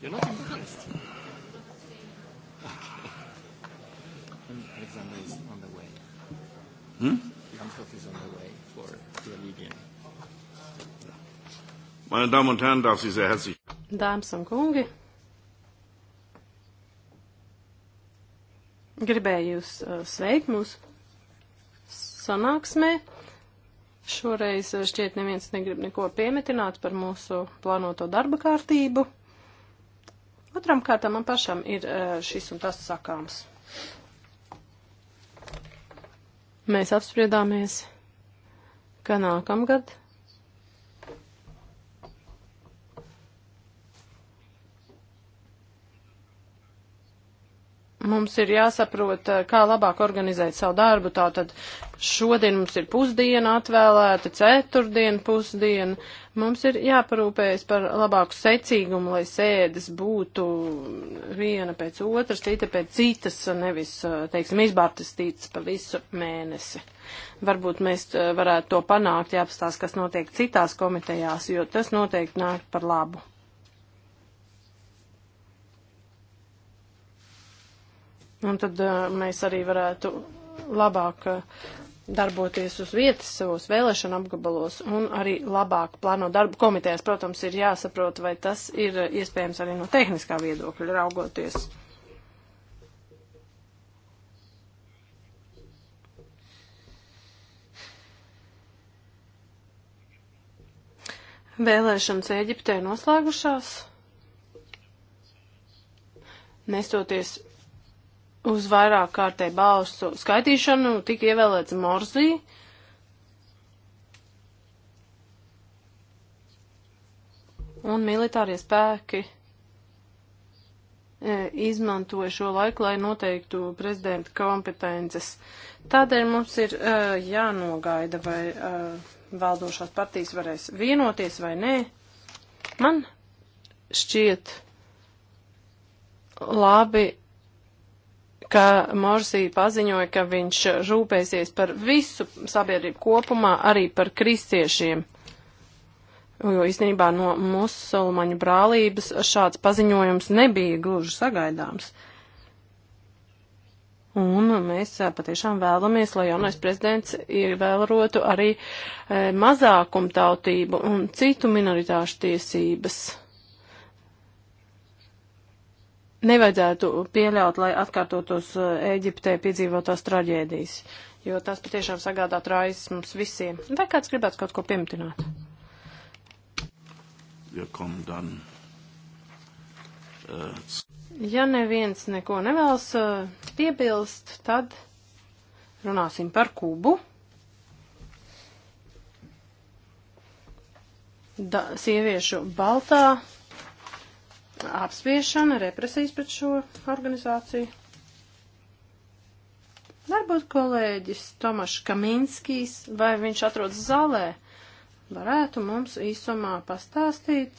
You're not embarrassed. and Alexander is on the way. Hmm? Lambsdorff is on the way for the Libyan. Meine Damen und Herren, darf Sie sehr herzlich. Dāmas un kungi, gribēju jūs uh, sveikt mūsu sanāksmē. Šoreiz šķiet neviens negrib neko piemetināt par mūsu plānoto darba kārtību. Otram kārtam man pašam ir e, šis un tas sakāms. Mēs apspriedāmies, ka nākamgad Mums ir jāsaprot, eh, kā labāk organizēt savu darbu. Tātad šodien mums ir pusdiena atvēlēta, ceturtdiena pusdiena. Mums ir jāparūpējas par labāku secīgumu, lai sēdes būtu viena pēc otras, cita pēc citas, nevis, eh, teiksim, izbārtastītas pa visu mēnesi. Varbūt mēs eh, varētu to panākt, ja apstās, kas notiek citās komitejās, jo tas noteikti nāk par labu. Un tad mēs arī varētu labāk darboties uz vietas, savos vēlēšana apgabalos un arī labāk plāno darbu komitejās. Protams, ir jāsaprot, vai tas ir iespējams arī no tehniskā viedokļa raugoties. Vēlēšanas Eģiptē noslēgušās, nestoties uz vairāk kārtēju balstu skaitīšanu tika ievēlēts Morzī. Un militārie spēki e, izmantoja šo laiku, lai noteiktu prezidenta kompetences. Tādēļ mums ir uh, jānogaida, vai uh, valdošās partijas varēs vienoties vai nē. Man šķiet labi ka Morsī paziņoja, ka viņš rūpēsies par visu sabiedrību kopumā, arī par kristiešiem. Jo īstenībā no musulmaņu brālības šāds paziņojums nebija gluži sagaidāms. Un mēs patiešām vēlamies, lai jaunais prezidents ievērotu arī mazākumtautību un citu minoritāšu tiesības nevajadzētu pieļaut, lai atkārtotos eh, Ēģiptē piedzīvotās traģēdijas, jo tas patiešām sagādā trājas mums visiem. Vai kāds gribētu kaut ko piemtināt? Eh, ja neviens neko nevēlas eh, piebilst, tad runāsim par Kubu. Da, sieviešu baltā apspiešana, represijas pret šo organizāciju. Varbūt kolēģis Tomašs Kaminskijs, vai viņš atrodas zālē, varētu mums īsumā pastāstīt,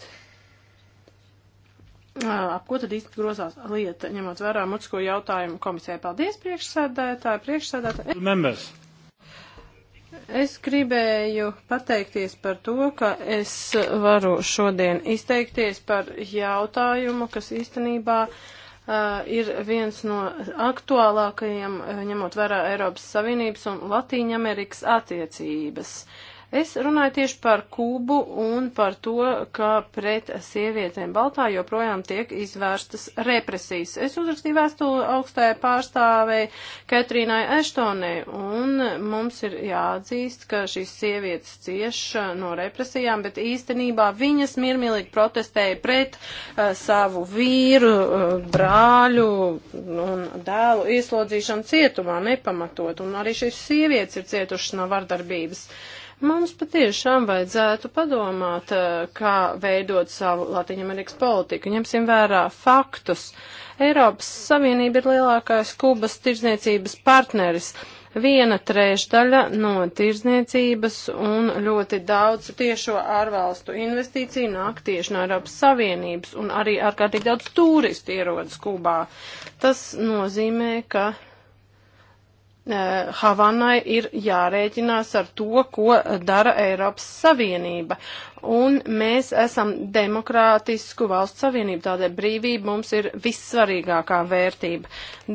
ap ko tad īsti grozās lieta, ņemot vērā mutisko jautājumu komisijai. Paldies, priekšsēdētāji, priekšsēdētāji. Members. Es gribēju pateikties par to, ka es varu šodien izteikties par jautājumu, kas īstenībā uh, ir viens no aktuālākajiem, ņemot vērā Eiropas Savienības un Latīņamerikas attiecības. Uh, Es runāju tieši par Kūbu un par to, ka pret sievietēm Baltā joprojām tiek izvērstas represijas. Es uzrakstīju vēstuli augstajai pārstāvēji Katrīnai Eštonai, un mums ir jāatzīst, ka šīs sievietes cieš uh, no represijām, bet īstenībā viņas miermīlīgi protestēja pret uh, savu vīru, uh, brāļu un dēlu ieslodzīšanu cietumā nepamatot, un arī šīs sievietes ir cietušas no vardarbības. Uh, Mums patiešām vajadzētu padomāt, eh, kā veidot savu Latvijas politiku. Ņemsim vērā faktus. Eiropas Savienība ir lielākais Kubas tirzniecības partneris viena trešdaļa no tirzniecības un ļoti daudz tiešo ārvalstu investīciju nāk tieši no Eiropas Savienības un arī ārkārtīgi daudz turistu ierodas Kubā. Tas nozīmē, ka Eh, Havanai ir jārēķinās ar to, ko dara Eiropas Savienība un mēs esam demokrātisku valsts savienību, tādēļ brīvība mums ir vissvarīgākā vērtība.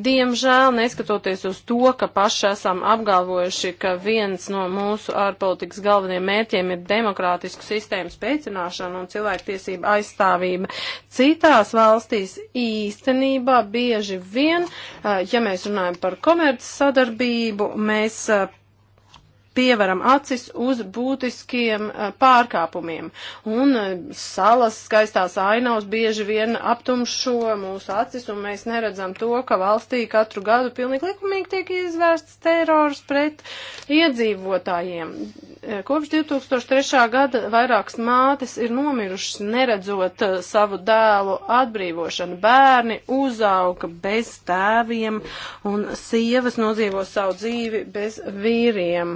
Diemžēl, neskatoties uz to, ka paši esam apgalvojuši, ka viens no mūsu ārpolitikas galvenajiem mērķiem ir demokrātisku sistēmu spēcināšana un cilvēktiesība aizstāvība, citās valstīs īstenībā bieži vien, ja mēs runājam par komerces sadarbību, mēs pievaram acis uz būtiskiem eh, pārkāpumiem. Un eh, salas skaistās ainavas bieži vien aptumšo mūsu acis, un mēs neredzam to, ka valstī katru gadu pilnīgi likumīgi tiek izvērsts terors pret iedzīvotājiem. Eh, kopš 2003. gada vairākas mātes ir nomirušas neredzot eh, savu dēlu atbrīvošanu. Bērni uzauga bez tēviem un sievas nodzīvo savu dzīvi bez vīriem.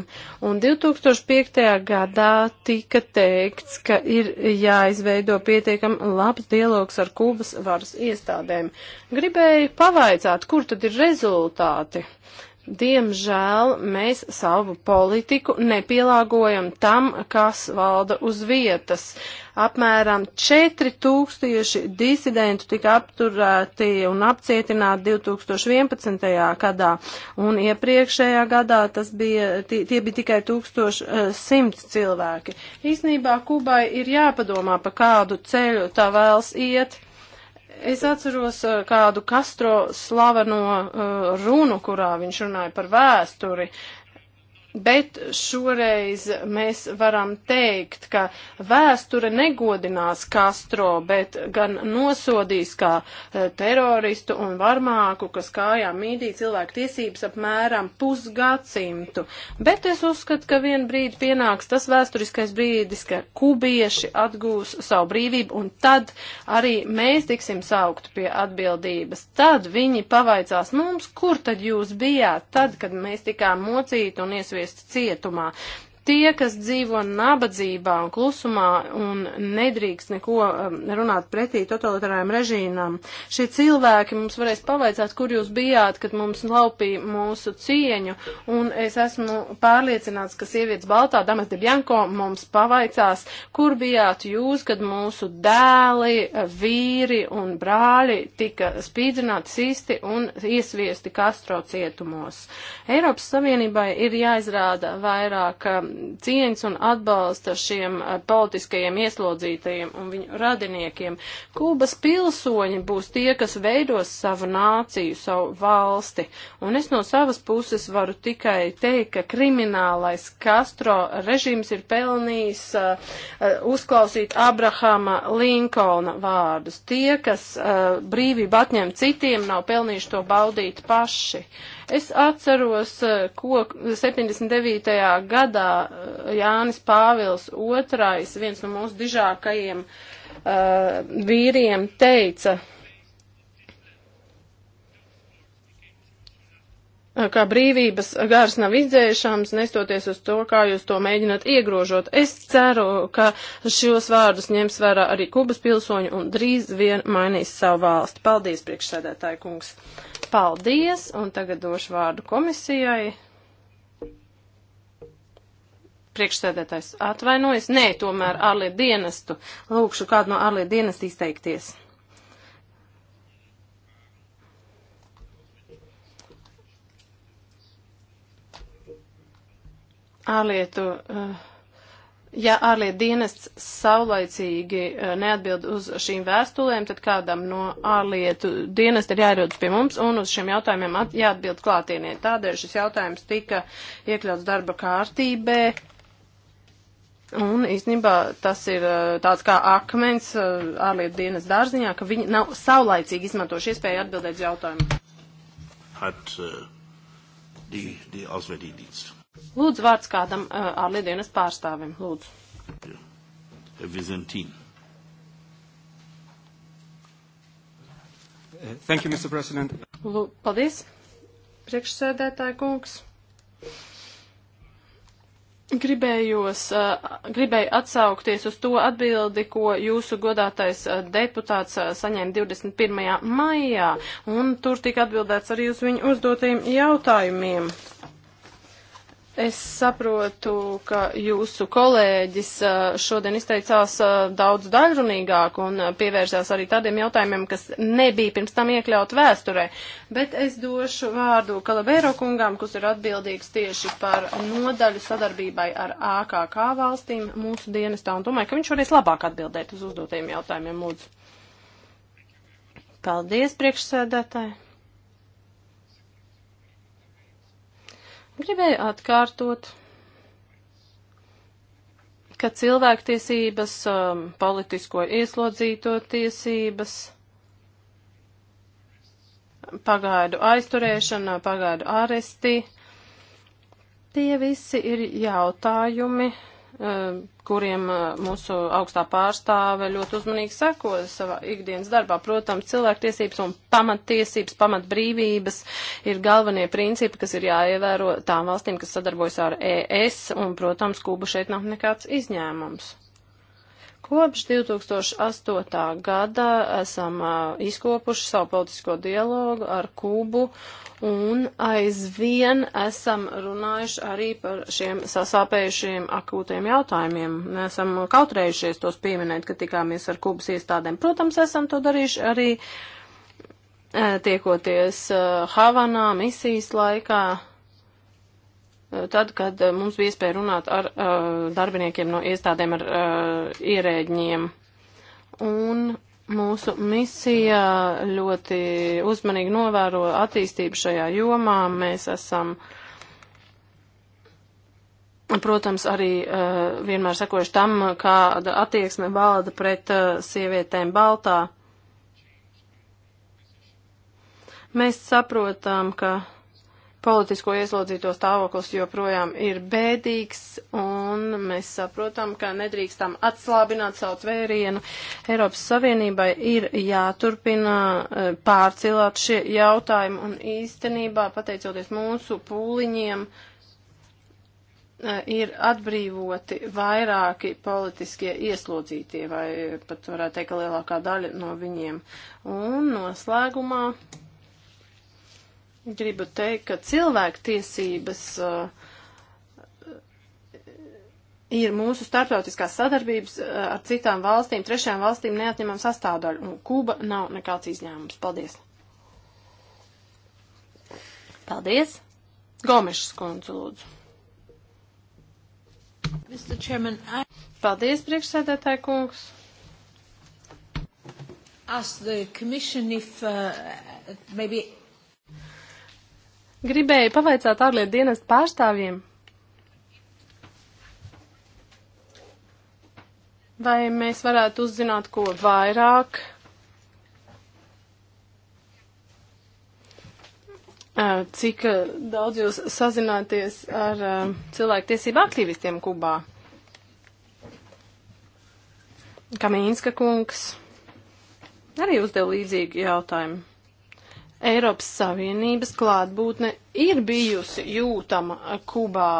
Un 2005. gadā tika teikts, ka ir jāizveido pietiekam labs dialogs ar Kubas varas iestādēm. Gribēju pavaicāt, kur tad ir rezultāti? Diemžēl mēs savu politiku nepielāgojam tam, kas valda uz vietas. Apmēram 4000 disidentu tika apturēti un apcietināti 2011. gadā, un iepriekšējā gadā tas bija, tie, tie bija tikai 1100 cilvēki. Īsnībā Kubai ir jāpadomā, pa kādu ceļu tā vēlas iet Es atceros eh, kādu Kastro slaveno uh, runu, kurā viņš runāja par vēsturi, Bet šoreiz mēs varam teikt, ka vēsture negodinās Castro, bet gan nosodīs kā eh, teroristu un varmāku, kas kājām mīdī cilvēku tiesības apmēram pusgadsimtu. Bet es uzskatu, ka vien brīdi pienāks tas vēsturiskais brīdis, ka kubieši atgūs savu brīvību un tad arī mēs tiksim saukt pie atbildības. Tad viņi pavaicās mums, kur tad jūs bijāt, tad, kad mēs tikām mocīti un iesviesti aizvest cietumā. Tie, kas dzīvo nabadzībā un klusumā un nedrīkst neko um, runāt pretī totalitārajiem režīmam, šie cilvēki mums varēs pavaicāt, kur jūs bijāt, kad mums laupīja mūsu cieņu, un es esmu pārliecināts, ka sievietes Baltā, Damas de Bianco, mums pavaicās, kur bijāt jūs, kad mūsu dēli, vīri un brāļi tika spīdzināti, sisti un iesviesti Kastro cietumos. Eiropas Savienībai ir jāizrāda vairāk um, cieņas un atbalsta šiem eh, politiskajiem ieslodzītajiem un viņu radiniekiem. Kūbas pilsoņi būs tie, kas veidos savu nāciju, savu valsti. Un es no savas puses varu tikai teikt, ka kriminālais Castro režīms ir pelnījis uh, uzklausīt Abrahama Linkolna vārdus. Tie, kas uh, brīvību atņem citiem, nav pelnījuši to baudīt paši. Uh, Es atceros, eh, ko 79. gadā eh, Jānis Pāvils II, viens no mūsu dižākajiem uh, vīriem, teica ka brīvības gars nav izdzēšams, nestoties uz to, kā jūs to mēģināt iegrožot. Es ceru, ka šos vārdus ņems vērā arī Kubas pilsoņi un drīz vien mainīs savu valsti. Paldies, priekšsēdētāji kungs. Paldies, un tagad došu vārdu komisijai. Priekšsēdētājs atvainojas. Nē, tomēr ārlietu dienestu. Lūkšu kādu no ārlietu dienestu izteikties. ārlietu uh, ja ārlietu dienests saulaicīgi eh, neatbild uz šīm vēstulēm, tad kādam no ārlietu dienesta ir jāierodas pie mums un uz šiem jautājumiem jāatbild klātienē. Tādēļ šis jautājums tika iekļauts darba kārtībā. Un īstenībā tas ir eh, tāds kā akmens ārlietu dienas dārziņā, ka viņi nav saulaicīgi izmantojuši iespēju atbildēt uz jautājumu. Hat, uh, die, die Lūdzu, vārds kādam uh, ārlidienas pārstāvim. Lūdzu. Vizantīna. Uh, thank you, Mr. President. Lūd, paldies, priekšsēdētāja kungs. Gribējos, uh, gribēju atsaukties uz to atbildi, ko jūsu godātais uh, deputāts saņēma 21. maijā, un tur tika atbildēts arī uz viņu uzdotajiem jautājumiem. Es saprotu, ka jūsu kolēģis šodien izteicās daudz daļrunīgāk un pievērsās arī tādiem jautājumiem, kas nebija pirms tam iekļaut vēsturē. Bet es došu vārdu Kalabēro kungām, kas ir atbildīgs tieši par nodaļu sadarbībai ar AKK valstīm mūsu dienestā. Un domāju, ka viņš varēs labāk atbildēt uz uzdotajiem jautājumiem. Lūdzu. Paldies, priekšsēdētāji! Gribēju atkārtot, ka cilvēktiesības, um, politisko ieslodzīto tiesības, pagaidu aizturēšana, pagaidu aresti, tie visi ir jautājumi, Eh, kuriem eh, mūsu augstā pārstāve ļoti uzmanīgi seko savā ikdienas darbā. Protams, cilvēktiesības un pamattiesības, pamatbrīvības ir galvenie principi, kas ir jāievēro tām valstīm, kas sadarbojas ar ES, un, protams, Kuba šeit nav nekāds izņēmums. Kopš 2008. gada esam izkopuši savu politisko dialogu ar Kūbu un aizvien esam runājuši arī par šiem sasāpējušiem akūtiem jautājumiem. Esam kautrējušies tos pieminēt, ka tikāmies ar Kubas iestādēm. Protams, esam to darījuši arī tiekoties Havanā misijas laikā tad, kad eh, mums bija iespēja runāt ar uh, darbiniekiem no iestādēm, ar uh, ierēģiem. Un mūsu misija ļoti uzmanīgi novēro attīstību šajā jomā. Mēs esam uh, protams, arī uh, vienmēr sekojuši tam, kāda attieksme valda pret uh, sievietēm Baltā. Mēs saprotam, ka politisko ieslodzīto stāvoklis joprojām ir bēdīgs, un mēs saprotam, ka nedrīkstam atslābināt savu tvērienu. Eiropas Savienībai ir jāturpina e, pārcilāt šie jautājumi, un īstenībā, pateicoties mūsu pūliņiem, e, ir atbrīvoti vairāki politiskie ieslodzītie, vai pat varētu teikt, ka lielākā daļa no viņiem. Un noslēgumā gribu teikt, ka cilvēktiesības uh, ir mūsu starptautiskās sadarbības uh, ar citām valstīm, trešajām valstīm neatņemama sastāvdaļa, un Kuba nav nekāds izņēmums. Paldies! Paldies! Gomešas kundze, lūdzu. Chairman, I... Paldies, priekšsēdētāji kungs! Ask the commission if uh, maybe Gribēju pavaicāt ārlietu dienestu pārstāvjiem, vai mēs varētu uzzināt ko vairāk. Cik daudz jūs sazināties ar cilvēktiesību aktīvistiem Kubā? Kamīnska kungs arī uzdeva līdzīgu jautājumu. Eiropas Savienības klātbūtne ir bijusi jūtama Kubā.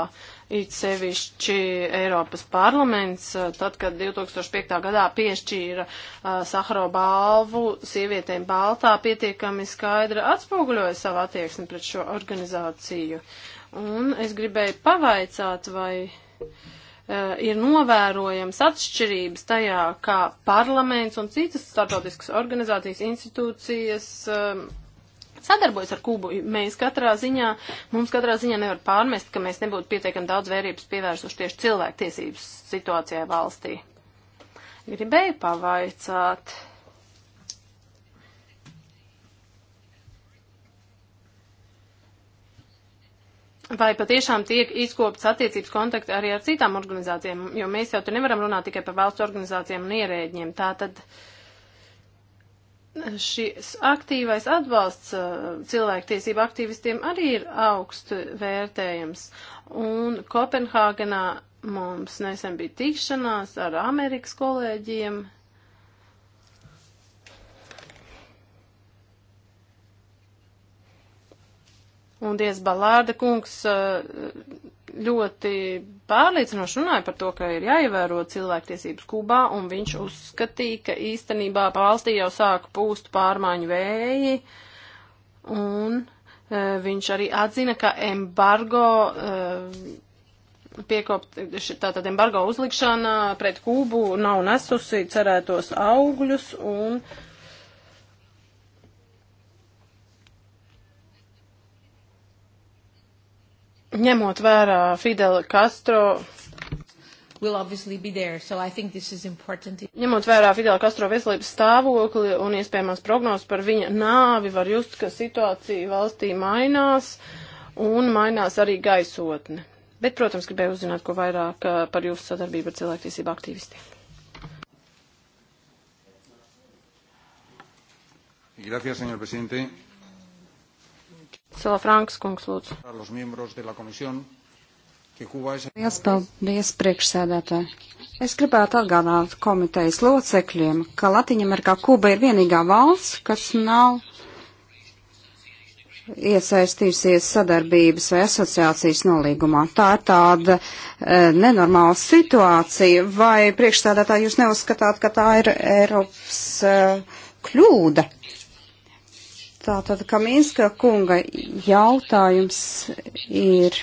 It sevišķi Eiropas parlaments, tad, kad 2005. gadā piešķīra uh, Sahara balvu sievietēm Baltā, pietiekami skaidri atspoguļoja savu attieksmi pret šo organizāciju. Un es gribēju pavaicāt, vai uh, ir novērojams atšķirības tajā, kā parlaments un citas starptautiskas organizācijas institūcijas uh, sadarbojas ar Kubu. Mēs katrā ziņā, mums katrā ziņā nevar pārmest, ka mēs nebūtu pietiekami daudz vērības pievērsuši tieši cilvēktiesības situācijai valstī. Gribēju pavaicāt. Vai patiešām tiek izkopts attiecības kontakti arī ar citām organizācijām, jo mēs jau te nevaram runāt tikai par valsts organizācijām un ierēģiem. Tā tad. Uh, šis aktīvais atbalsts uh, cilvēktiesību aktīvistiem arī ir augstu vērtējams. Un Kopenhāgenā mums nesen bija tikšanās ar Amerikas kolēģiem, Un diez Balārda kungs eh, ļoti pārliecinoši runāja par to, ka ir jāievēro cilvēktiesības Kubā, un viņš uzskatīja, ka īstenībā valstī jau sāk pūst pārmaiņu vēji, un eh, viņš arī atzina, ka embargo eh, piekopt, tātad embargo uzlikšana pret Kūbu nav nesusi cerētos augļus, un uh, ņemot vērā Fidela Castro. Will obviously be there, so I think this is important. Ņemot vērā Fidela Castro veselības stāvokli un iespējamās prognozes par viņa nāvi, var just, ka situācija valstī mainās un mainās arī gaisotne. Bet, protams, gribēju uzzināt, ko vairāk uh, par jūsu sadarbību ar cilvēktiesību aktīvistiem. Gracias, señor presidente. Sala Franks kungs, lūdzu. Liels paldies, priekšsēdētāji. Es gribētu atgādāt komitejas locekļiem, ka Latviņamerikā Kuba ir vienīgā valsts, kas nav iesaistījusies sadarbības vai asociācijas nolīgumā. Tā ir tāda e, nenormāla situācija. Vai priekšstādātā jūs neuzskatāt, ka tā ir Eiropas e, kļūda? Tātad, ka Minska kunga jautājums ir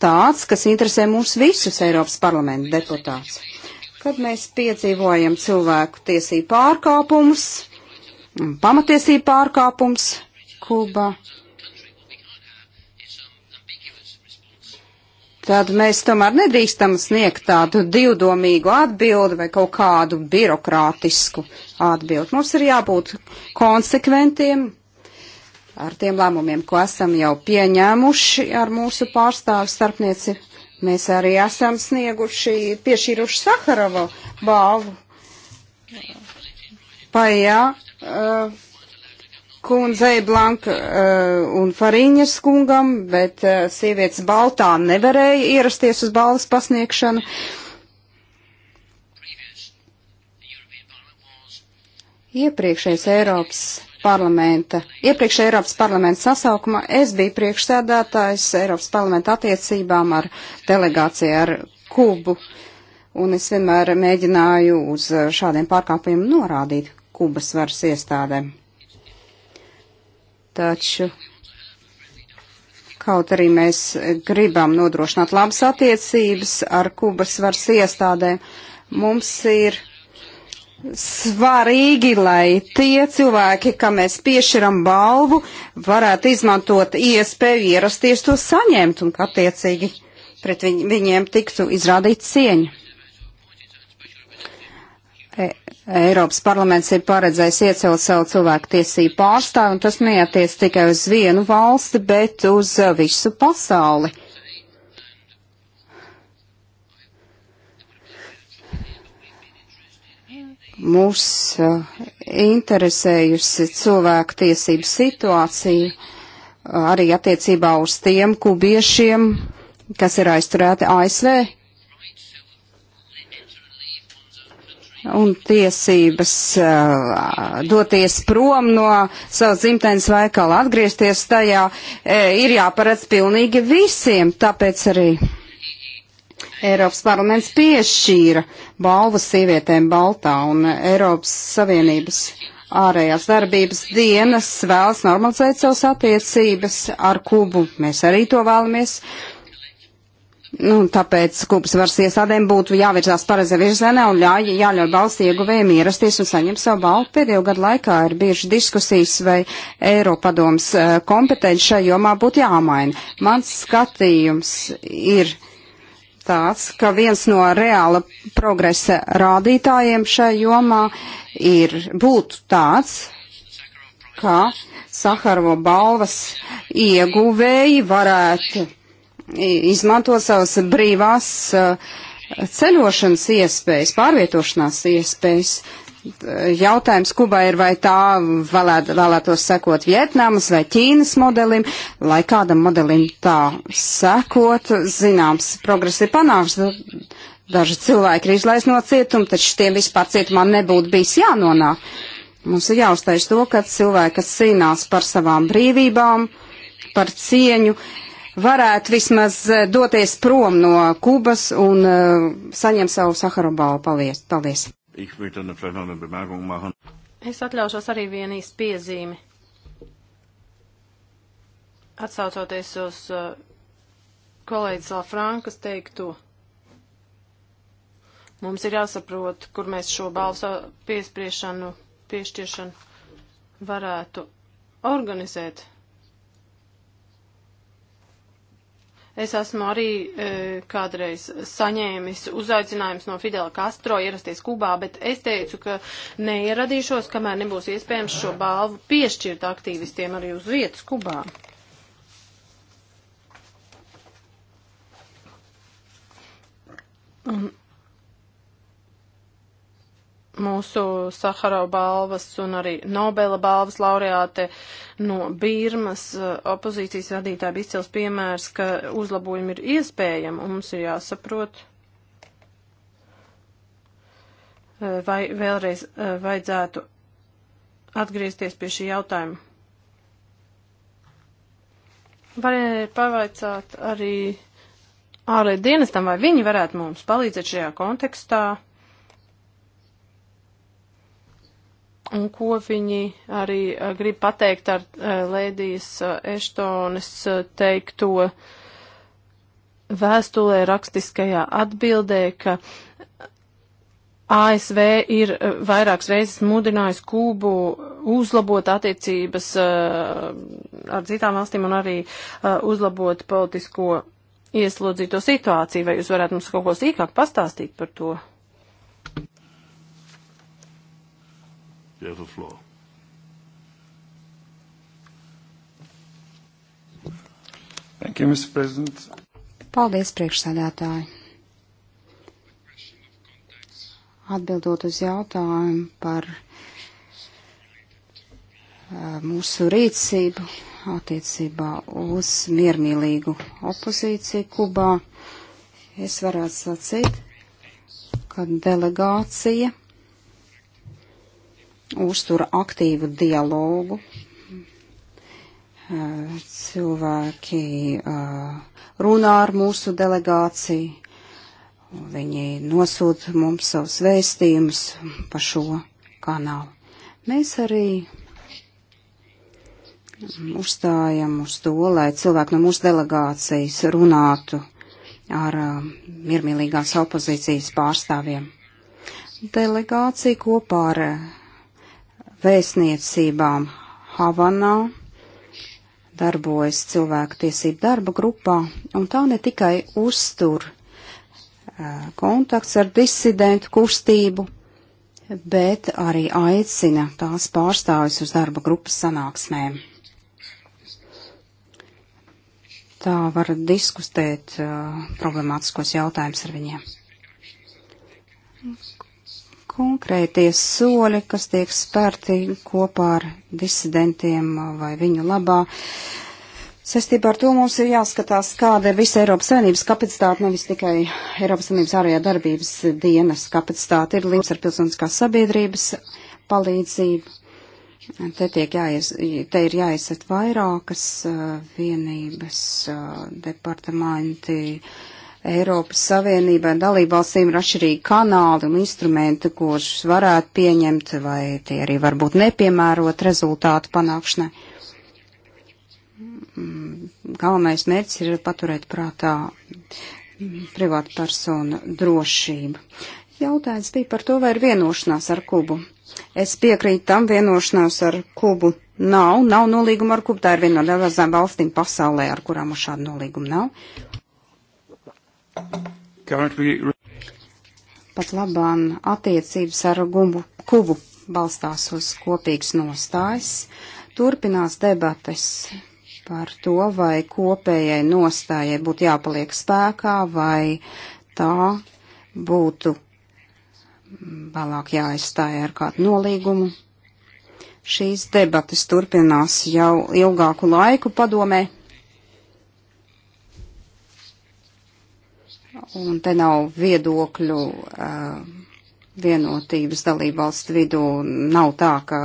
tāds, kas interesē mūs visus Eiropas parlamenta deputāts. Kad mēs piedzīvojam cilvēku tiesību pārkāpumus, pamatiesību pārkāpums Kuba, tad mēs tomēr nedrīkstam sniegt tādu divdomīgu atbildi vai kaut kādu birokrātisku atbildi. Mums ir jābūt konsekventiem, ar tiem lēmumiem, ko esam jau pieņēmuši ar mūsu pārstāvu starpnieci. Mēs arī esam snieguši, piešķīruši Sakaravo balvu. Pajā uh, eh, kundzei Blanka uh, eh, un Fariņas kungam, bet uh, sievietes Baltā nevarēja ierasties uz balvas pasniegšanu. Iepriekšējais Eiropas parlamenta, iepriekš Eiropas parlamenta sasaukuma, es biju priekšsēdētājs Eiropas parlamenta attiecībām ar delegāciju ar Kubu, un es vienmēr mēģināju uz šādiem pārkāpumiem norādīt Kubas varas iestādēm. Taču Kaut arī mēs gribam nodrošināt labas attiecības ar Kubas varas iestādēm, mums ir svarīgi, lai tie cilvēki, kam mēs piešķiram balvu, varētu izmantot iespēju ierasties to saņemt un, attiecīgi, pret viņ, viņiem tiktu izrādīt cieņu. E Eiropas parlaments ir paredzējis iecelt savu cilvēku tiesību pārstāvu, un tas neatiec tikai uz vienu valsti, bet uz visu pasauli mūs eh, interesējusi cilvēku tiesību situācija eh, arī attiecībā uz tiem kubiešiem, kas ir aizturēti ASV. Un tiesības eh, doties prom no savas dzimtenes veikala, atgriezties tajā, ir jāparedz pilnīgi visiem, tāpēc arī Eiropas parlaments piešķīra balvu sievietēm Baltā un Eiropas Savienības ārējās darbības dienas vēlas normalizēt savas attiecības ar Kubu. Mēs arī to vēlamies. Nu, tāpēc Kubas varas iestādēm būtu jāvirzās pareizā virzienā un jā, jāļauj balsts ieguvējiem ierasties un saņemt savu balvu. Pēdējo gadu laikā ir bieži diskusijas, vai Eiropadoms eh, kompetenci šajā jomā būtu jāmaina. Mans skatījums ir tāds, ka viens no reāla progresa rādītājiem šajā jomā ir būtu tāds, ka Saharova balvas ieguvēji varētu izmantot savas brīvās uh, ceļošanas iespējas, pārvietošanās iespējas. Jautājums Kubai ir, vai tā vēlēt, vēlētos sekot Vietnamas vai Ķīnas modelim, lai kādam modelim tā sekot, zināms, progress ir panāks. Daži cilvēki ir izlaist no cietuma, taču tiem vispār cietumā nebūtu bijis jānonāk. Mums ir jāuztais to, ka cilvēki, kas cīnās par savām brīvībām, par cieņu, varētu vismaz eh, doties prom no Kubas un uh, saņemt savu Saharobalu paldies. paldies. Ich möchte eine kleine Bemerkung machen. Es atļaušos arī vienu īstu piezīmi. Atsaucoties uz uh, kolēģis Lafrankas teikto, mums ir jāsaprot, kur mēs šo balsu piespriešanu, piešķiršanu varētu organizēt. Es esmu arī e, kādreiz saņēmis uzaicinājums no Fidela Castro ierasties Kubā, bet es teicu, ka neieradīšos, kamēr nebūs iespējams šo balvu piešķirt aktīvistiem arī uz vietas Kubā. Un mūsu Saharau balvas un arī Nobela balvas laureāte no Birmas eh, opozīcijas vadītāja bija izcils piemērs, ka uzlabojumi ir iespējami un mums ir jāsaprot, eh, vai vēlreiz eh, vajadzētu atgriezties pie šī jautājuma. Varēja pavaicāt arī ārlietu dienestam, vai viņi varētu mums palīdzēt šajā kontekstā. un ko viņi arī eh, grib pateikt ar eh, Lēdijas eh, Eštones teikto vēstulē rakstiskajā atbildē, ka ASV ir vairākas reizes mudinājusi Kūbu uzlabot attiecības ar citām valstīm un arī uzlabot politisko ieslodzīto situāciju. Vai jūs varētu mums kaut ko sīkāk pastāstīt par to? You have the floor. Thank you, Mr. President. Paldies, priekšsēdētāji. Atbildot uz jautājumu par mūsu rīcību attiecībā uz miermīlīgu opozīciju Kubā, es varētu sacīt, ka delegācija uztura aktīvu dialogu. Eh, cilvēki eh, runā ar mūsu delegāciju, viņi nosūta mums savus vēstījumus pa šo kanālu. Mēs arī mm, uzstājam uz to, lai cilvēki no mūsu delegācijas runātu ar eh, miermīlīgās opozīcijas pārstāvjiem. Delegācija kopā ar vēstniecībām Havanā darbojas cilvēku tiesību darba grupā, un tā ne tikai uztur uh, kontakts ar disidentu kustību, bet arī aicina tās pārstāvis uz darba grupas sanāksmēm. Tā var diskutēt uh, problemātiskos jautājumus ar viņiem konkrētie soļi, kas tiek spērti kopā ar disidentiem vai viņu labā. Sestībā ar to mums ir jāskatās, kāda ir visa Eiropas Savienības kapacitāte, nevis tikai Eiropas Savienības ārējā darbības dienas kapacitāte, ir līdz ar pilsoniskās sabiedrības palīdzību. Te, jāies, te ir jāiesat vairākas uh, vienības, uh, departamenti, uh, Eiropas Savienībai un dalībvalstīm ir atšķirīgi kanāli un instrumenti, kurus varētu pieņemt, vai tie arī varbūt nepiemērot rezultātu panākšanai. Mm, galvenais mērķis ir paturēt prātā privāta persona drošība. Jautājums bija par to, vai ir vienošanās ar Kubu. Es piekrītu tam, vienošanās ar Kubu nav, nav nolīguma ar Kubu, tā ir viena no daudzām valstīm pasaulē, ar kurām šādu nolīgumu nav. Currently... Pat labām attiecības ar Gumbu, Kubu balstās uz kopīgas nostājas. Turpinās debates par to, vai kopējai nostājai būtu jāpaliek spēkā, vai tā būtu vēlāk jāizstāja ar kādu nolīgumu. Šīs debatas turpinās jau ilgāku laiku padomē. un te nav viedokļu vienotības dalību valstu vidū. Nav tā, ka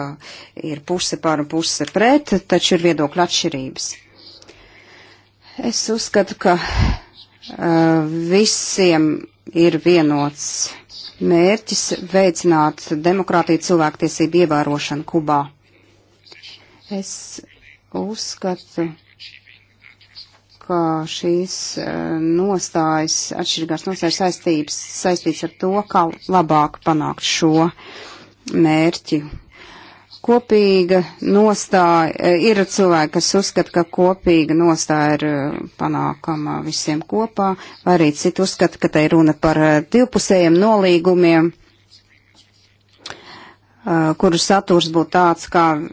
ir puse par un puse pret, taču ir viedokļu atšķirības. Es uzskatu, ka visiem ir vienots mērķis veicināt demokrātiju cilvēktiesību ievērošanu Kubā. Es uzskatu, ka šīs e, nostājas, atšķirīgās nostājas saistības, saistīts ar to, kā labāk panākt šo mērķi. Kopīga nostāja, e, ir cilvēki, kas uzskata, ka kopīga nostāja ir e, panākama visiem kopā, vai arī citi uzskata, ka tai runa par divpusējiem nolīgumiem kuru saturs būtu tāds, kā uh,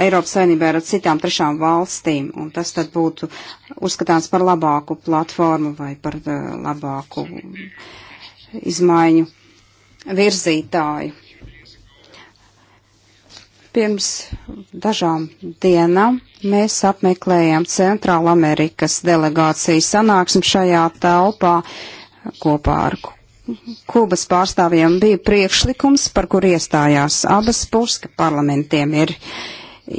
Eiropas Savienībā ir ar citām trešām valstīm, un tas tad būtu uzskatāms par labāku platformu vai par uh, labāku izmaiņu virzītāju. Pirms dažām dienām mēs apmeklējām Centrāla Amerikas delegācijas sanāksmi šajā telpā kopā ar Kubas pārstāvjiem bija priekšlikums, par kur iestājās abas puses, ka parlamentiem ir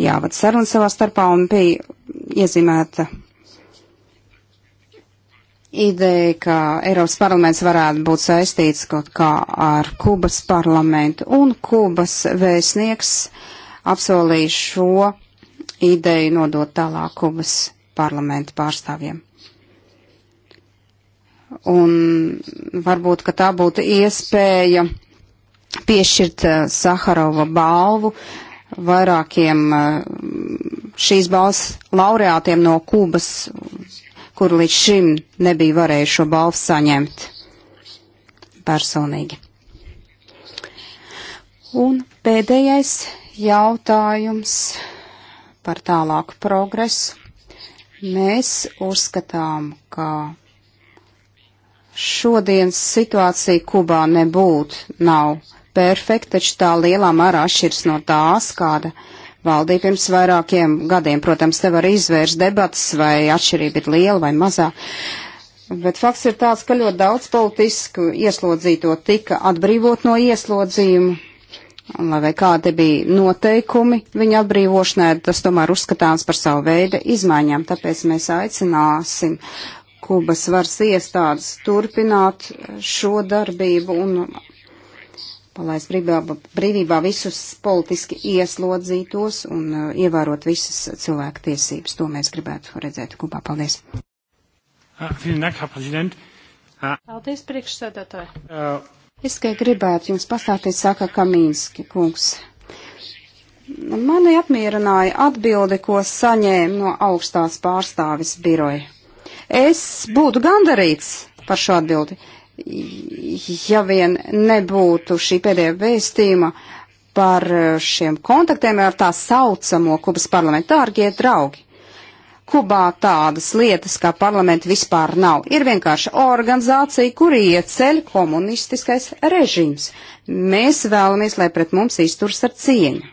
jāvada saruna savā starpā un bija iezīmēta ideja, ka Eiropas parlaments varētu būt saistīts kaut kā ar Kubas parlamentu, un Kubas vēstnieks apsolīja šo ideju nodot tālāk Kubas parlamentu pārstāvjiem un varbūt, ka tā būtu iespēja piešķirt eh, Saharova balvu vairākiem eh, šīs balvas laureātiem no Kubas, kur līdz šim nebija varējuši šo balvu saņemt personīgi. Un pēdējais jautājums par tālāku progresu. Mēs uzskatām, ka šodienas situācija Kubā nebūtu nav perfekta, taču tā lielā mērā atšķirs no tās, kāda valdīja pirms vairākiem gadiem. Protams, te var izvērst debatas, vai atšķirība ir liela vai mazā. Bet fakts ir tāds, ka ļoti daudz politisku ieslodzīto tika atbrīvot no ieslodzījuma. Un, lai kādi bija noteikumi viņa atbrīvošanai, tas tomēr uzskatāms par savu veidu izmaiņām. Tāpēc mēs aicināsim uh, Kubas varas iestādes turpināt šo darbību un palaist brīvībā, brīvībā visus politiski ieslodzītos un uh, ievērot visas cilvēku tiesības. To mēs gribētu redzēt Kubā. Paldies! Ah, ah. Paldies, priekšsēdētāji! Ah. Es tikai gribētu jums pastāstīt, saka Kamīnski kungs. Mani apmierināja atbildi, ko saņēmu no augstās pārstāvis biroja Es būtu gandarīts par šo atbildi, ja vien nebūtu šī pēdējā vēstījuma par šiem kontaktiem ar tā saucamo Kubas parlamentu. Dārgie draugi, Kubā tādas lietas kā parlamenti vispār nav. Ir vienkārši organizācija, kur ieceļ komunistiskais režīms. Mēs vēlamies, lai pret mums izturs ar cieņu.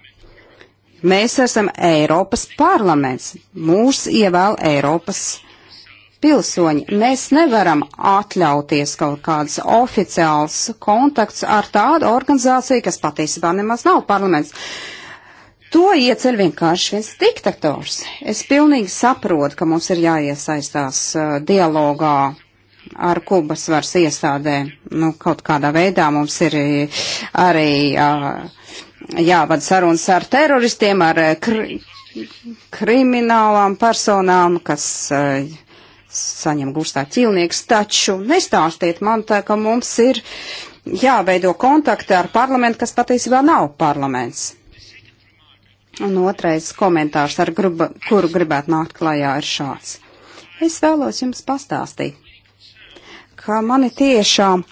Mēs esam Eiropas parlaments. Mūs ievēl Eiropas parlaments pilsoņi, mēs nevaram atļauties kaut kāds oficiāls kontakts ar tādu organizāciju, kas patiesībā nemaz nav parlaments. To ieceļ vienkārši viens diktators. Es pilnīgi saprotu, ka mums ir jāiesaistās uh, dialogā ar Kubas varas iestādēm. Nu, kaut kādā veidā mums ir arī uh, jāvada sarunas ar teroristiem, ar uh, kri kriminālām personām, kas uh, saņem gustā ķilnieks, taču nestāstiet man tā, ka mums ir jāveido kontakti ar parlamentu, kas patiesībā nav parlaments. Un otrais komentārs, ar gruba, kuru gribētu nākt klajā, ir šāds. Es vēlos jums pastāstīt, ka mani tiešām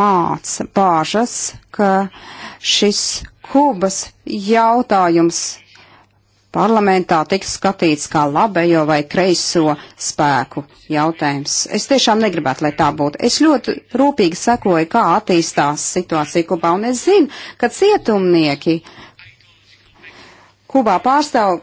māca bāžas, ka šis Kubas jautājums parlamentā tiks skatīts kā labējo vai kreiso spēku jautājums. Es tiešām negribētu, lai tā būtu. Es ļoti rūpīgi sekoju, kā attīstās situācija Kubā, un es zinu, ka cietumnieki Kubā pārstāv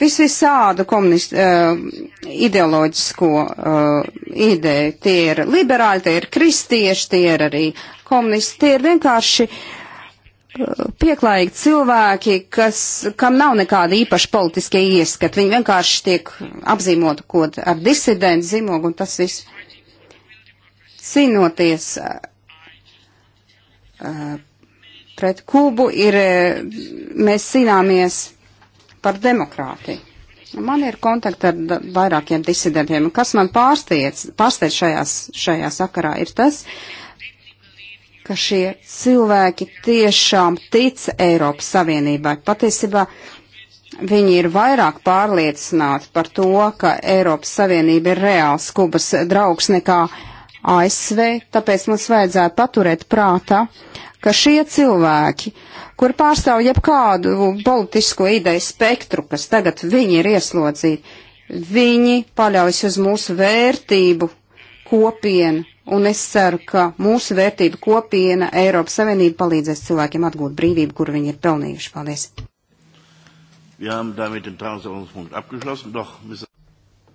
visvisādu komunistu uh, eh, ideoloģisko uh, ideju. Tie ir liberāļi, tie ir kristieši, tie ir arī komunisti, tie ir vienkārši uh, pieklājīgi cilvēki, kas, kam nav nekāda īpaša politiskie ieskati. Viņi vienkārši tiek apzīmoti kaut ar disidentu zīmogu un tas viss cīnoties uh, pret Kubu ir, mēs cīnāmies par demokrātiju. Man ir kontakti ar vairākiem disidentiem, un kas man pārsteidz, pārsteidz šajās, šajā sakarā ir tas, uh, ka šie cilvēki tiešām tic Eiropas Savienībai. Patiesībā viņi ir vairāk pārliecināti par to, ka Eiropas Savienība ir reāls Kubas draugs nekā ASV, tāpēc mums vajadzētu paturēt prātā, ka šie cilvēki, kur pārstāv jebkādu politisko ideju spektru, kas tagad viņi ir ieslodzīti, viņi paļaujas uz mūsu vērtību kopienu un es ceru, ka mūsu vērtība kopiena Eiropas Savienība palīdzēs cilvēkiem atgūt brīvību, kuru viņi ir pelnījuši. Paldies!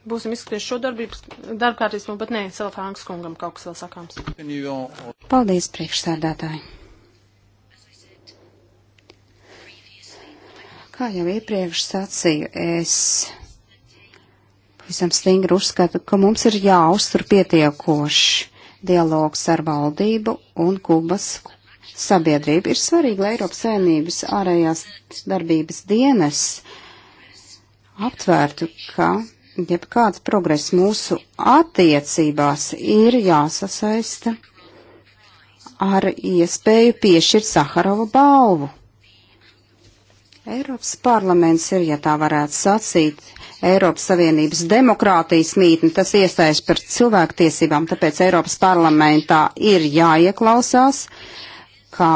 Būsim izskatījuši šo darbības darbkārtības, nu, bet nē, Selfāngas kungam kaut kas vēl sakāms. Paldies, priekšsēdētāji! Kā jau iepriekš sacīju, es visam stingri uzskatu, ka mums ir jāuztur pietiekoši dialogs ar valdību un Kubas sabiedrību. Ir svarīgi, lai Eiropas saimnības ārējās darbības dienas aptvērtu, ka jebkāds progress mūsu attiecībās ir jāsasaista ar iespēju piešķirt Saharova balvu. Eiropas parlaments ir, ja tā varētu sacīt, Eiropas Savienības demokrātijas mītne, tas iestājas par cilvēktiesībām, tāpēc Eiropas parlamentā ir jāieklausās kā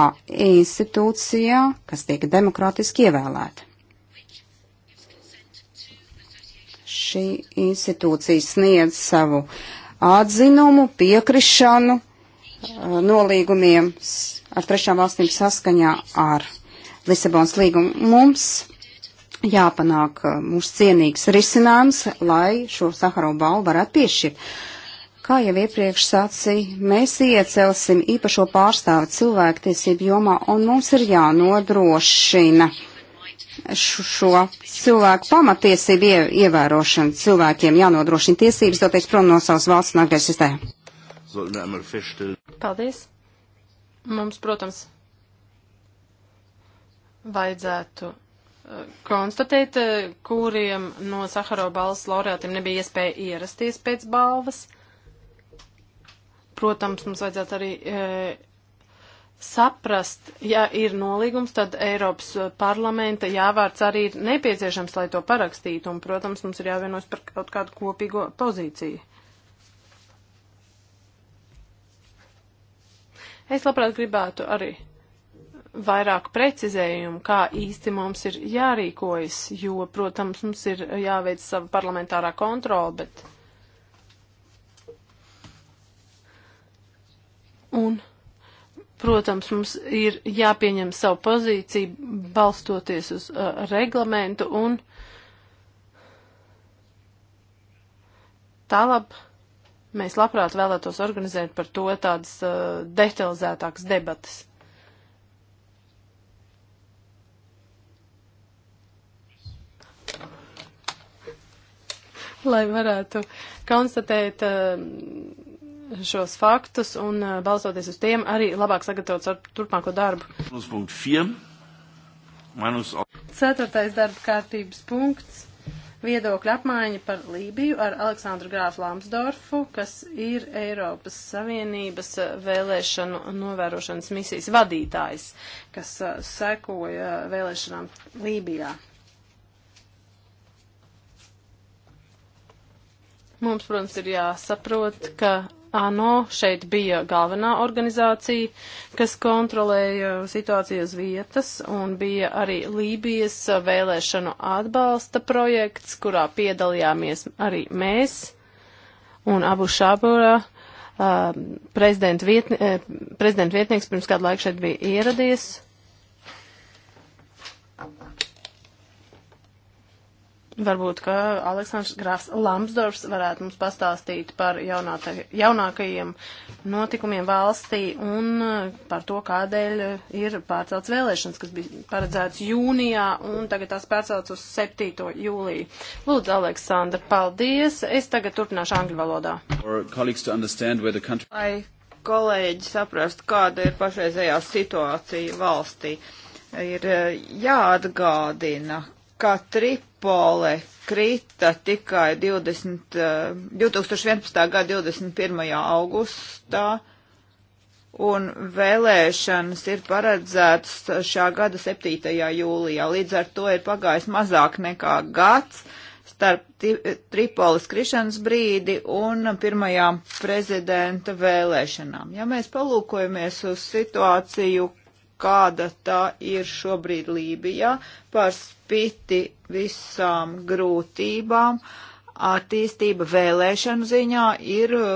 institūcijā, kas tiek demokrātiski ievēlēta. Šī institūcija sniedz savu atzinumu, piekrišanu uh, nolīgumiem ar trešām valstīm saskaņā ar Lisabons līgumu. Mums jāpanāk uh, mums cienīgs risinājums, lai šo Saharovu balvu varētu piešķirt. Kā jau iepriekš sacīja, mēs iecelsim īpašo pārstāvu cilvēktiesību jomā, un mums ir jānodrošina šo, šo cilvēku pamatiesību ievērošanu. Cilvēkiem jānodrošina tiesības doties prom no savas valsts un atgriezties tajā. Paldies! Mums, protams, vajadzētu eh, konstatēt, eh, kuriem no Saharo balvas laureātiem nebija iespēja ierasties pēc balvas. Protams, mums vajadzētu arī e, saprast, ja ir nolīgums, tad Eiropas parlamenta jāvārds arī ir nepieciešams, lai to parakstītu, un, protams, mums ir jāvienos par kaut kādu kopīgo pozīciju. Es labprāt gribētu arī vairāk precizējumu, kā īsti mums ir jārīkojas, jo, protams, mums ir jāveic sava parlamentārā kontrola, bet. Un, protams, mums ir jāpieņem savu pozīciju, balstoties uz uh, reglamentu un tālāk mēs labprāt vēlētos organizēt par to tādas uh, detalizētākas debatas. lai varētu konstatēt eh, šos faktus un eh, balstoties uz tiem arī labāk sagatavot ar turpmāko darbu. Ceturtais darba kārtības punkts - viedokļa apmaiņa par Lībiju ar Aleksandru Grāfu Lamsdorfu, kas ir Eiropas Savienības eh, vēlēšanu novērošanas misijas vadītājs, kas sekoja vēlēšanām Lībijā. Mums, protams, ir jāsaprot, ka ANO šeit bija galvenā organizācija, kas kontrolēja situāciju uz vietas, un bija arī Lībijas vēlēšanu atbalsta projekts, kurā piedalījāmies arī mēs un Abu Šābura. Uh, um, prezidenta vietnie, uh, prezident vietnieks pirms kādu laiku šeit bija ieradies, Varbūt, ka Aleksandrs Grāfs Lamsdorfs varētu mums pastāstīt par jaunāta, jaunākajiem notikumiem valstī un eh, par to, kādēļ ir pārcelts vēlēšanas, kas bija paredzēts jūnijā un tagad tās pārcelts uz 7. jūliju. Lūdzu, Aleksandra, paldies. Es tagad turpināšu angļu valodā. Country... Lai kolēģi saprast, kāda ir pašreizējā situācija valstī, ir eh, jāatgādina, ka Tripole krita tikai 20, 2011. Eh, gada 21. augustā, un vēlēšanas ir paredzētas šā gada 7. jūlijā. Līdz ar to ir pagājis mazāk nekā gads starp Tripolis krišanas brīdi un pirmajām prezidenta vēlēšanām. Ja mēs palūkojamies uz situāciju kāda tā ir šobrīd Lībijā, par spiti visām grūtībām, attīstība vēlēšanu ziņā ir uh,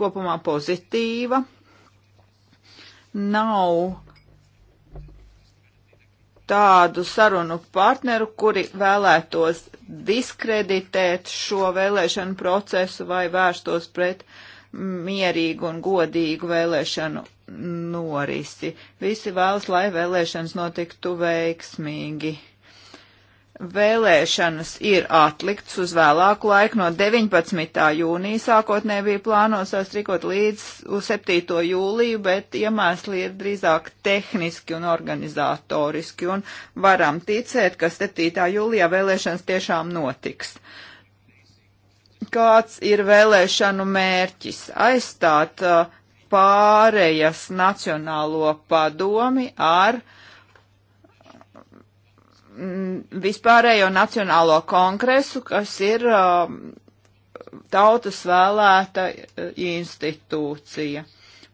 kopumā pozitīva. Nav tādu sarunu partneru, kuri vēlētos diskreditēt šo vēlēšanu procesu vai vērstos pret uh, mierīgu un godīgu vēlēšanu norisi. Visi vēlas, lai vēlēšanas notiktu veiksmīgi. Vēlēšanas ir atlikts uz vēlāku laiku no 19. jūnija. Sākotnē bija plānos sastrikot līdz 7. jūliju, bet iemesli ir drīzāk tehniski un organizatoriski, un varam ticēt, ka 7. jūlijā vēlēšanas tiešām notiks. Uh, kāds ir vēlēšanu mērķis aizstāt uh, pārējas nacionālo padomi ar mm, vispārējo nacionālo kongresu, kas ir uh, tautas vēlēta uh, institūcija.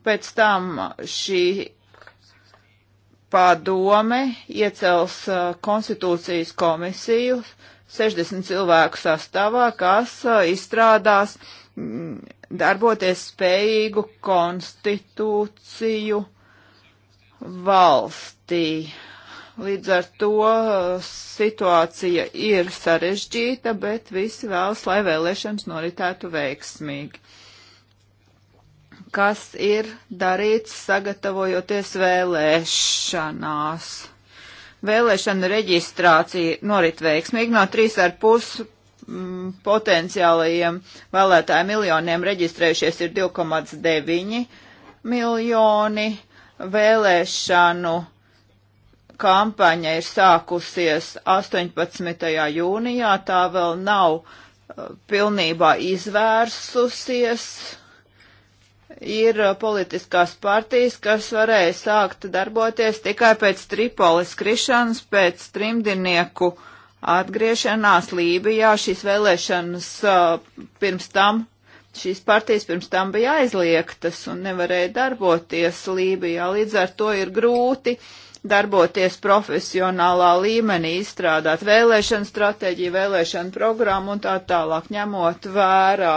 Pēc tam šī padome iecels konstitūcijas komisiju, 60 cilvēku sastāvā, kas izstrādās darboties spējīgu konstitūciju valstī. Līdz ar to situācija ir sarežģīta, bet visi vēlas, lai vēlēšanas noritētu veiksmīgi. Kas ir darīts sagatavojoties vēlēšanās? vēlēšana reģistrācija norit veiksmīgi no 3,5 mm, potenciālajiem vēlētāju miljoniem reģistrējušies ir 2,9 miljoni. Vēlēšanu kampaņa ir sākusies 18. jūnijā, tā vēl nav eh, pilnībā izvērsusies ir uh, politiskās partijas, kas varēja sākt darboties tikai pēc Tripolis krišanas, pēc trimdinieku atgriešanās Lībijā. Šīs vēlēšanas uh, pirms tam, šīs partijas pirms tam bija aizliegtas un nevarēja darboties Lībijā. Līdz ar to ir grūti uh, darboties profesionālā līmenī, izstrādāt vēlēšanu stratēģiju, vēlēšanu programmu un tā tālāk, ņemot vērā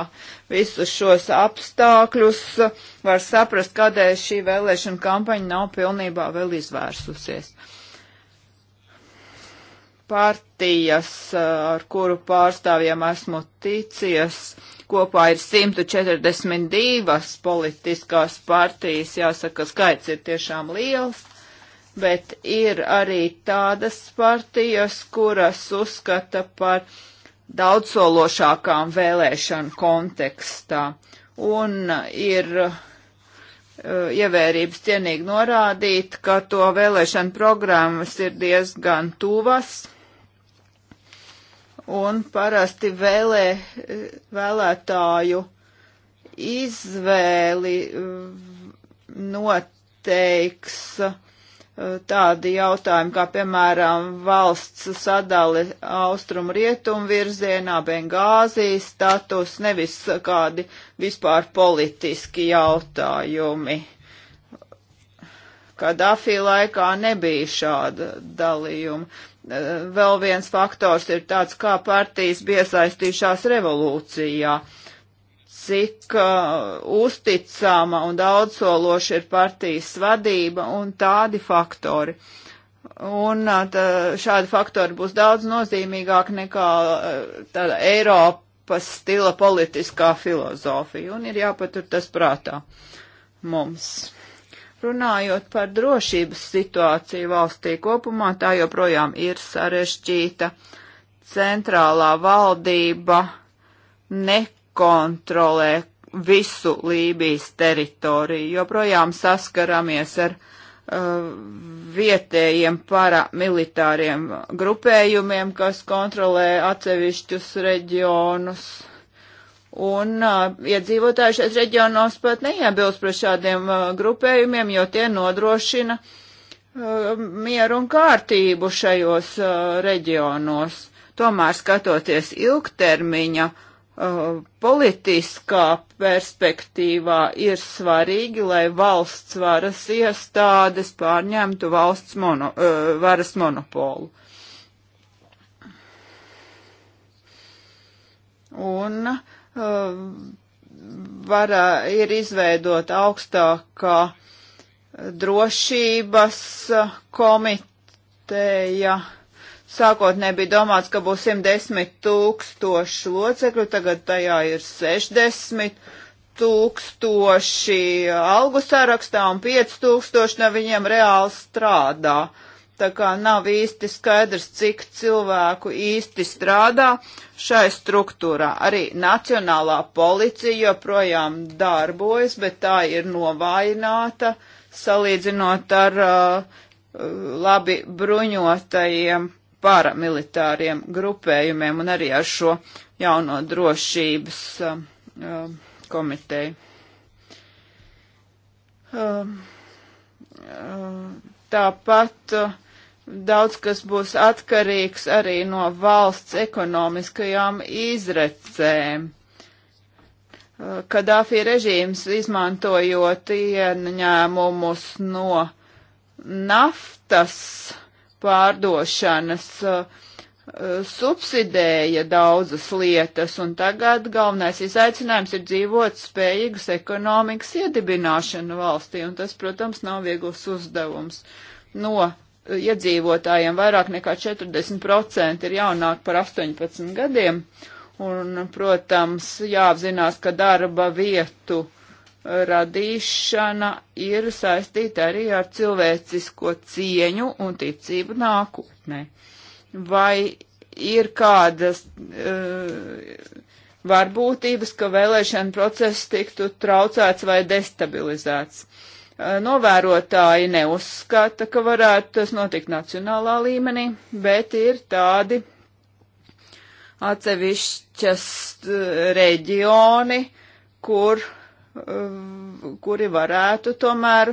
visus šos apstākļus, var saprast, kādēļ šī vēlēšana kampaņa nav pilnībā vēl izvērsusies. Partijas, ar kuru pārstāvjiem esmu ticies, kopā ir 142 politiskās partijas, jāsaka, skaits ir tiešām liels bet ir arī tādas partijas, kuras uzskata par daudzsološākām vēlēšanu kontekstā. Un ir uh, ievērības cienīgi norādīt, ka to vēlēšanu programmas ir diezgan tuvas un parasti vēlē, eh, vēlētāju izvēli eh, noteiks uh, tādi jautājumi, kā piemēram valsts sadali austrumu rietumu virzienā, Bengāzijas status, nevis kādi vispār politiski jautājumi. Kadafī laikā nebija šāda dalījuma. Vēl viens faktors ir tāds, kā partijas piesaistījušās revolūcijā. Uh, cik uh, uzticama un daudzsološa ir partijas vadība un tādi faktori. Un uh, tā, šādi faktori būs daudz nozīmīgāk nekā uh, tāda Eiropas stila politiskā filozofija, un ir jāpatur tas prātā mums. Runājot par drošības situāciju valstī kopumā, tā joprojām ir sarežģīta. Centrālā valdība nekā kontrolē visu Lībijas teritoriju, joprojām saskaramies ar uh, vietējiem paramilitāriem grupējumiem, kas kontrolē atsevišķus reģionus. Un uh, iedzīvotāji šeit reģionos pat neiebilst par šādiem uh, grupējumiem, jo tie nodrošina uh, mieru un kārtību šajos uh, reģionos. Tomēr skatoties ilgtermiņa, uh, Uh, politiskā perspektīvā ir svarīgi, lai valsts varas iestādes pārņemtu valsts mono, uh, varas monopolu. Un uh, varā ir izveidot augstākā drošības komiteja Sākotnēji bija domāts, ka būs 110 tūkstoši locekļu, tagad tajā ir 60 tūkstoši algu sarakstā un 5 tūkstoši no viņiem reāli strādā. Tā kā nav īsti skaidrs, cik cilvēku īsti strādā šai struktūrā. Arī Nacionālā policija joprojām darbojas, bet tā ir novājināta salīdzinot ar uh, labi bruņotajiem uh, paramilitāriem grupējumiem un arī ar šo jauno drošības um, um komiteju. Um, um tāpat uh, daudz kas būs atkarīgs arī no valsts ekonomiskajām izrecēm. Uh, Kadāfī režīms izmantojot ieņēmumus no naftas, pārdošanas uh, uh, subsidēja daudzas lietas, un tagad galvenais izaicinājums ir dzīvot spējīgas ekonomikas iedibināšana valstī, un tas, protams, nav viegls uzdevums. No iedzīvotājiem vairāk nekā 40% ir jaunāk par 18 gadiem, un, protams, jāapzinās, ka darba vietu uh, radīšana ir saistīta arī ar cilvēcisko cieņu un ticību nākotnē. Vai ir kādas uh, varbūtības, ka vēlēšana process tiktu traucēts vai destabilizēts? Uh, novērotāji neuzskata, ka varētu tas notikt nacionālā līmenī, bet ir tādi atsevišķas eh, reģioni, kur uh, Uh, kuri varētu tomēr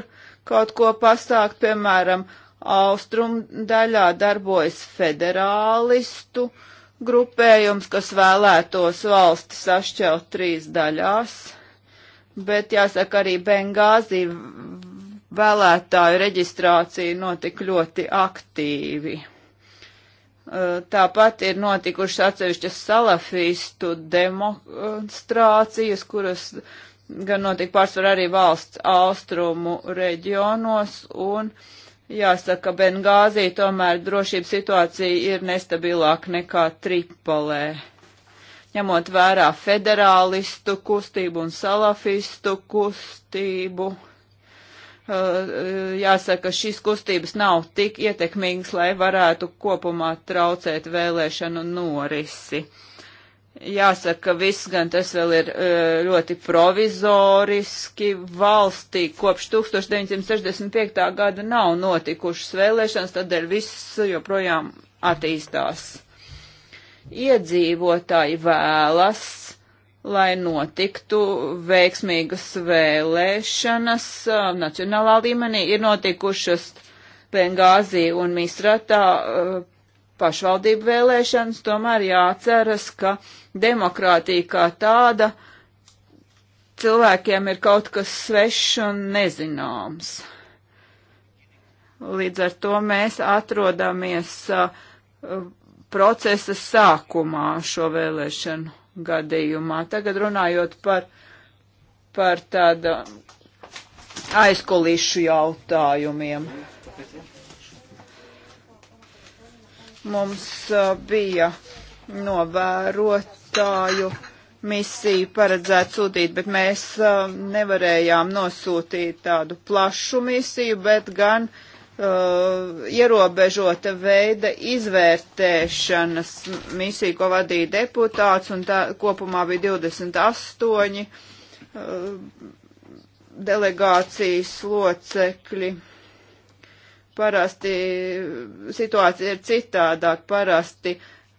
kaut ko pasākt, piemēram, Austrum daļā darbojas federālistu grupējums, kas vēlētos valsti sašķelt trīs daļās, bet jāsaka arī Bengāzi vēlētāju reģistrācija notika ļoti aktīvi. Uh, tāpat ir notikušas atsevišķas salafistu demonstrācijas, kuras uh, gan notika pārsvar arī valsts austrumu reģionos, un jāsaka, Bengāzī tomēr drošības situācija ir nestabilāk nekā Tripolē. Ņemot vērā federālistu kustību un salafistu kustību, uh, jāsaka, šīs kustības nav tik ietekmīgas, lai varētu kopumā traucēt vēlēšanu norisi. Jāsaka, ka viss gan tas vēl ir e, ļoti provizoriski. Valstī kopš 1965. gada nav notikušas vēlēšanas, tādēļ viss joprojām attīstās. Iedzīvotāji vēlas, lai notiktu veiksmīgas vēlēšanas e, nacionālā līmenī, ir notikušas Bengāzī un Misratā e, pašvaldību vēlēšanas, tomēr jāceras, ka demokrātija kā tāda cilvēkiem ir kaut kas svešs un nezināms. Līdz ar to mēs atrodamies uh, procesa sākumā šo vēlēšanu gadījumā. Tagad runājot par, par tādu aizkulīšu jautājumiem. Mums bija novērotāju misiju paredzētu sūtīt, bet mēs nevarējām nosūtīt tādu plašu misiju, bet gan uh, ierobežota veida izvērtēšanas misiju, ko vadīja deputāts, un tā kopumā bija 28 uh, delegācijas locekļi. Parasti situācija ir citādāk, parasti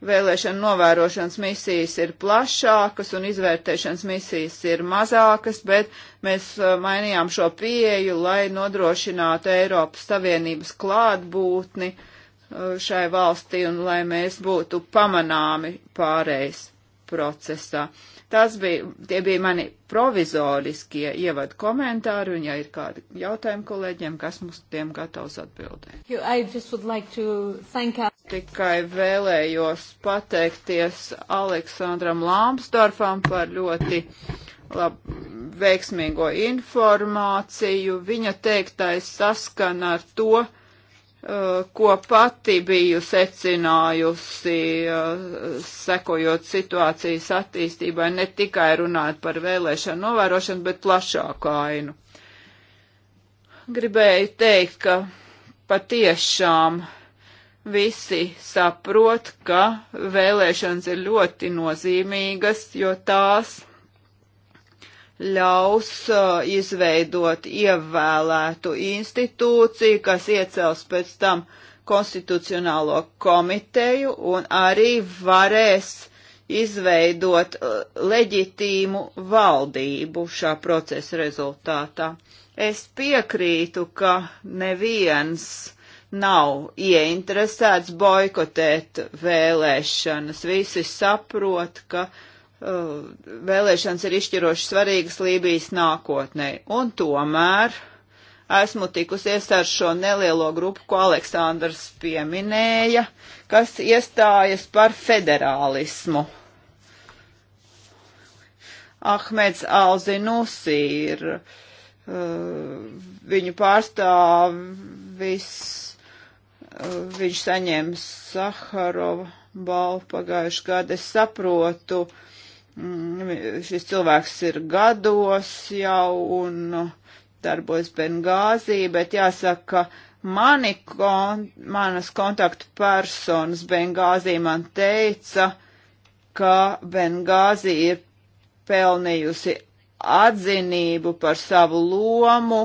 vēlēšana novērošanas misijas ir plašākas un izvērtēšanas misijas ir mazākas, bet mēs uh, mainījām šo pieeju, lai nodrošinātu Eiropas Savienības klātbūtni uh, šai valstī un lai mēs būtu pamanāmi pārējais procesā. Tas bija, tie bija mani provizoriskie ievadu komentāri, un ja ir kādi jautājumi kolēģiem, kas mums tiem gatavs atbildēt. Like Tikai vēlējos pateikties Aleksandram Lāmsdorfam par ļoti lab, veiksmīgo informāciju. Viņa teiktais saskana ar to, Uh, ko pati biju secinājusi, uh, sekojot situācijas attīstībai, ne tikai runāt par vēlēšanu novērošanu, bet plašāku ainu. Gribēju teikt, ka patiešām visi saprot, ka vēlēšanas ir ļoti nozīmīgas, jo tās ļaus uh, izveidot ievēlētu institūciju, kas iecels pēc tam konstitucionālo komiteju un arī varēs izveidot uh, leģitīmu valdību šā procesa rezultātā. Es piekrītu, ka neviens nav ieinteresēts boikotēt vēlēšanas. Visi saprot, ka uh, Uh, vēlēšanas ir izšķiroši svarīgas Lībijas nākotnē. Un tomēr esmu tikusies ar šo nelielo grupu, ko Aleksandrs pieminēja, kas iestājas par federālismu. Ahmeds Alzinusī ir uh, viņu pārstāvis, uh, viņš saņēma Saharova balvu pagājušajā gadā. Es saprotu, uh, Mm, šis cilvēks ir gados jau un darbojas Bengāzī, bet jāsaka, mani kon, manas kontaktu personas Bengāzī man teica, ka Bengāzī ir pelnījusi atzinību par savu lomu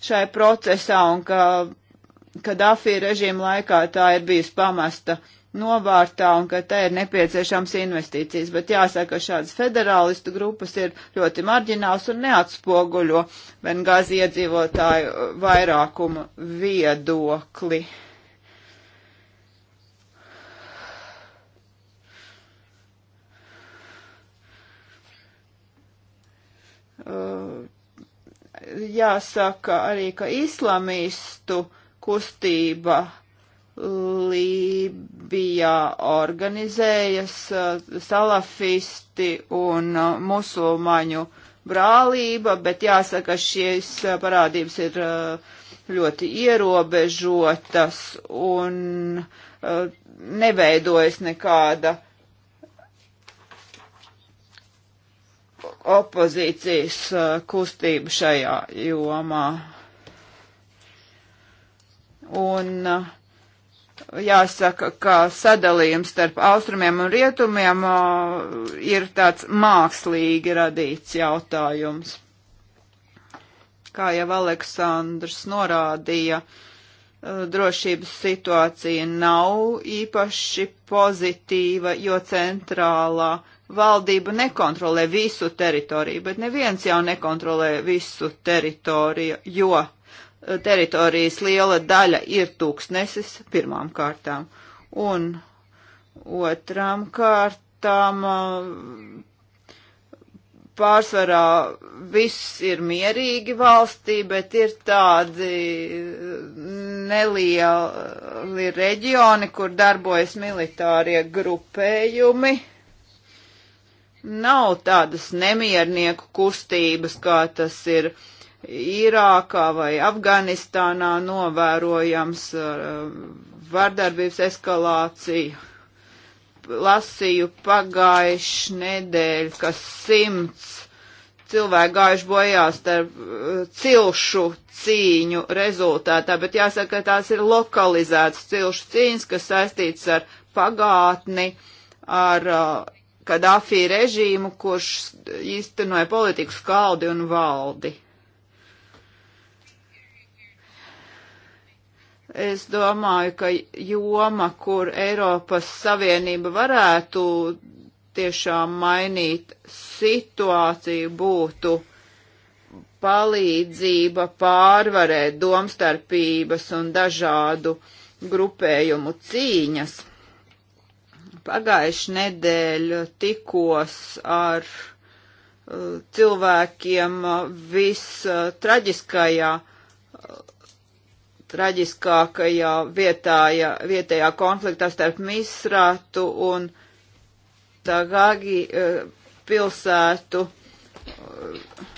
šai procesā un ka Kadafi režīma laikā tā ir bijusi pamesta novārtā un ka te ir nepieciešams investīcijas, bet jāsaka, ka šādas federālistu grupas ir ļoti marģināls un neatspoguļo Bengāzi iedzīvotāju uh, vairākumu viedokli. Uh, jāsaka arī, ka islamistu kustība uh, Lībijā organizējas eh, salafisti un eh, musulmaņu brālība, bet jāsaka, šīs eh, parādības ir ļoti ierobežotas un neveidojas nekāda opozīcijas kustība šajā jomā. Un uh, jāsaka, ka sadalījums starp austrumiem un rietumiem ir tāds mākslīgi radīts jautājums. Kā jau Aleksandrs norādīja, drošības situācija nav īpaši pozitīva, jo centrālā valdība nekontrolē visu teritoriju, bet neviens jau nekontrolē visu teritoriju, jo teritorijas liela daļa ir tūkstnesis pirmām kārtām. Un otrām kārtām pārsvarā viss ir mierīgi valstī, bet ir tādi nelieli reģioni, kur darbojas militārie grupējumi. Nav tādas nemiernieku kustības, kā tas ir uh, Irākā vai Afganistānā novērojams uh, vardarbības eskalācija. Lasīju pagājuši nedēļu, ka simts cilvēki gājuši bojā starp uh, cilšu cīņu rezultātā, bet jāsaka, ka tās ir lokalizētas cilšu cīņas, kas saistīts ar pagātni, ar uh, Kadafī režīmu, kurš īstenoja politiku skaldi un valdi. Es domāju, ka joma, kur Eiropas Savienība varētu tiešām mainīt situāciju, būtu palīdzība pārvarēt domstarpības un dažādu grupējumu cīņas. Pagājuši nedēļu tikos ar uh, cilvēkiem uh, vistraģiskajā uh, traģiskākajā vietājā, vietējā konfliktā starp Misrātu un Tagagi eh, pilsētu. Eh,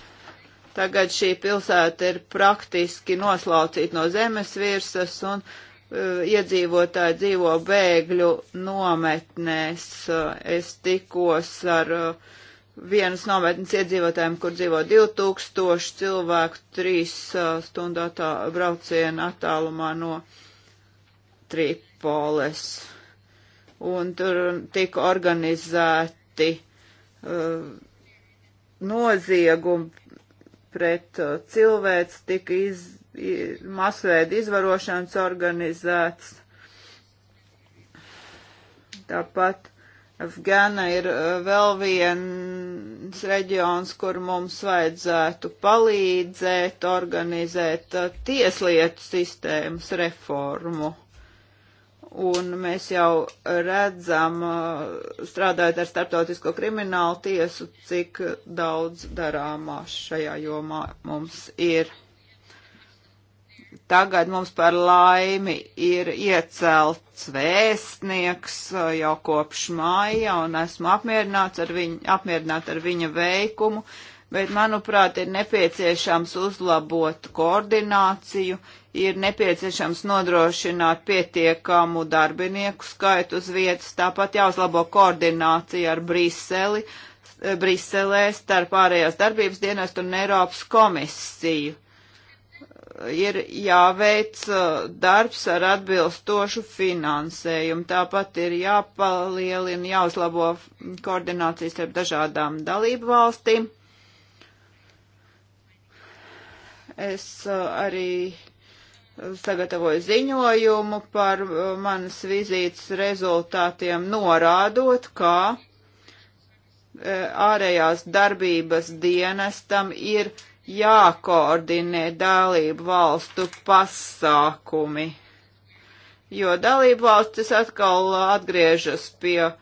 tagad šī pilsēta ir praktiski noslaucīta no zemes virsas un eh, iedzīvotāji dzīvo bēgļu nometnēs. Es tikos ar uh, vienas nometnes iedzīvotājiem, kur dzīvo 2000 cilvēku, trīs stundu attā, brauciena attālumā no Tripoles. Un tur tika organizēti uh, noziegumi pret uh, cilvēks, tika iz, iz, masveida izvarošanas organizēts. Tāpat Gana ir eh, vēl viens reģions, kur mums vajadzētu palīdzēt organizēt eh, tieslietu sistēmas reformu. Un mēs jau redzam, eh, strādājot ar starptautisko kriminālu tiesu, cik daudz darāmā šajā jomā mums ir. Tagad mums par laimi ir iecelts vēstnieks jau kopš māja, un esmu apmierināts ar viņu, apmierināt ar viņa veikumu, bet, manuprāt, ir nepieciešams uzlabot koordināciju, ir nepieciešams nodrošināt pietiekamu darbinieku skaitu uz vietas, tāpat jāuzlabo koordinācija ar Briseli, Briselē starp ārējās darbības dienestu un Eiropas komisiju ir jāveic uh, darbs ar atbilstošu finansējumu. Tāpat ir jāpalielina, jāuzlabo koordinācijas starp dažādām dalību valstīm. Es uh, arī sagatavoju ziņojumu par uh, manas vizītes rezultātiem, norādot, kā ārējās darbības dienestam ir jākoordinē dalību valstu pasākumi, jo dalību valstis atkal atgriežas pie uh,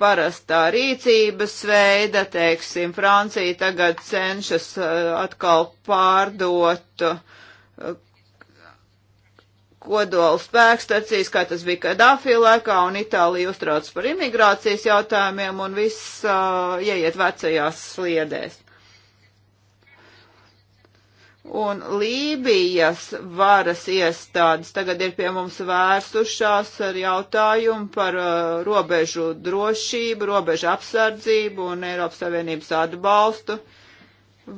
parastā rīcības veida, teiksim, Francija tagad cenšas uh, atkal pārdot uh, kodola spēkstacijas, kā tas bija Kadāfī laikā, un Itālija uztrauc par imigrācijas jautājumiem, un viss uh, ieiet vecajās sliedēs un Lībijas varas iestādes tagad ir pie mums vērsušās ar jautājumu par uh, robežu drošību, robežu apsardzību un Eiropas Savienības atbalstu.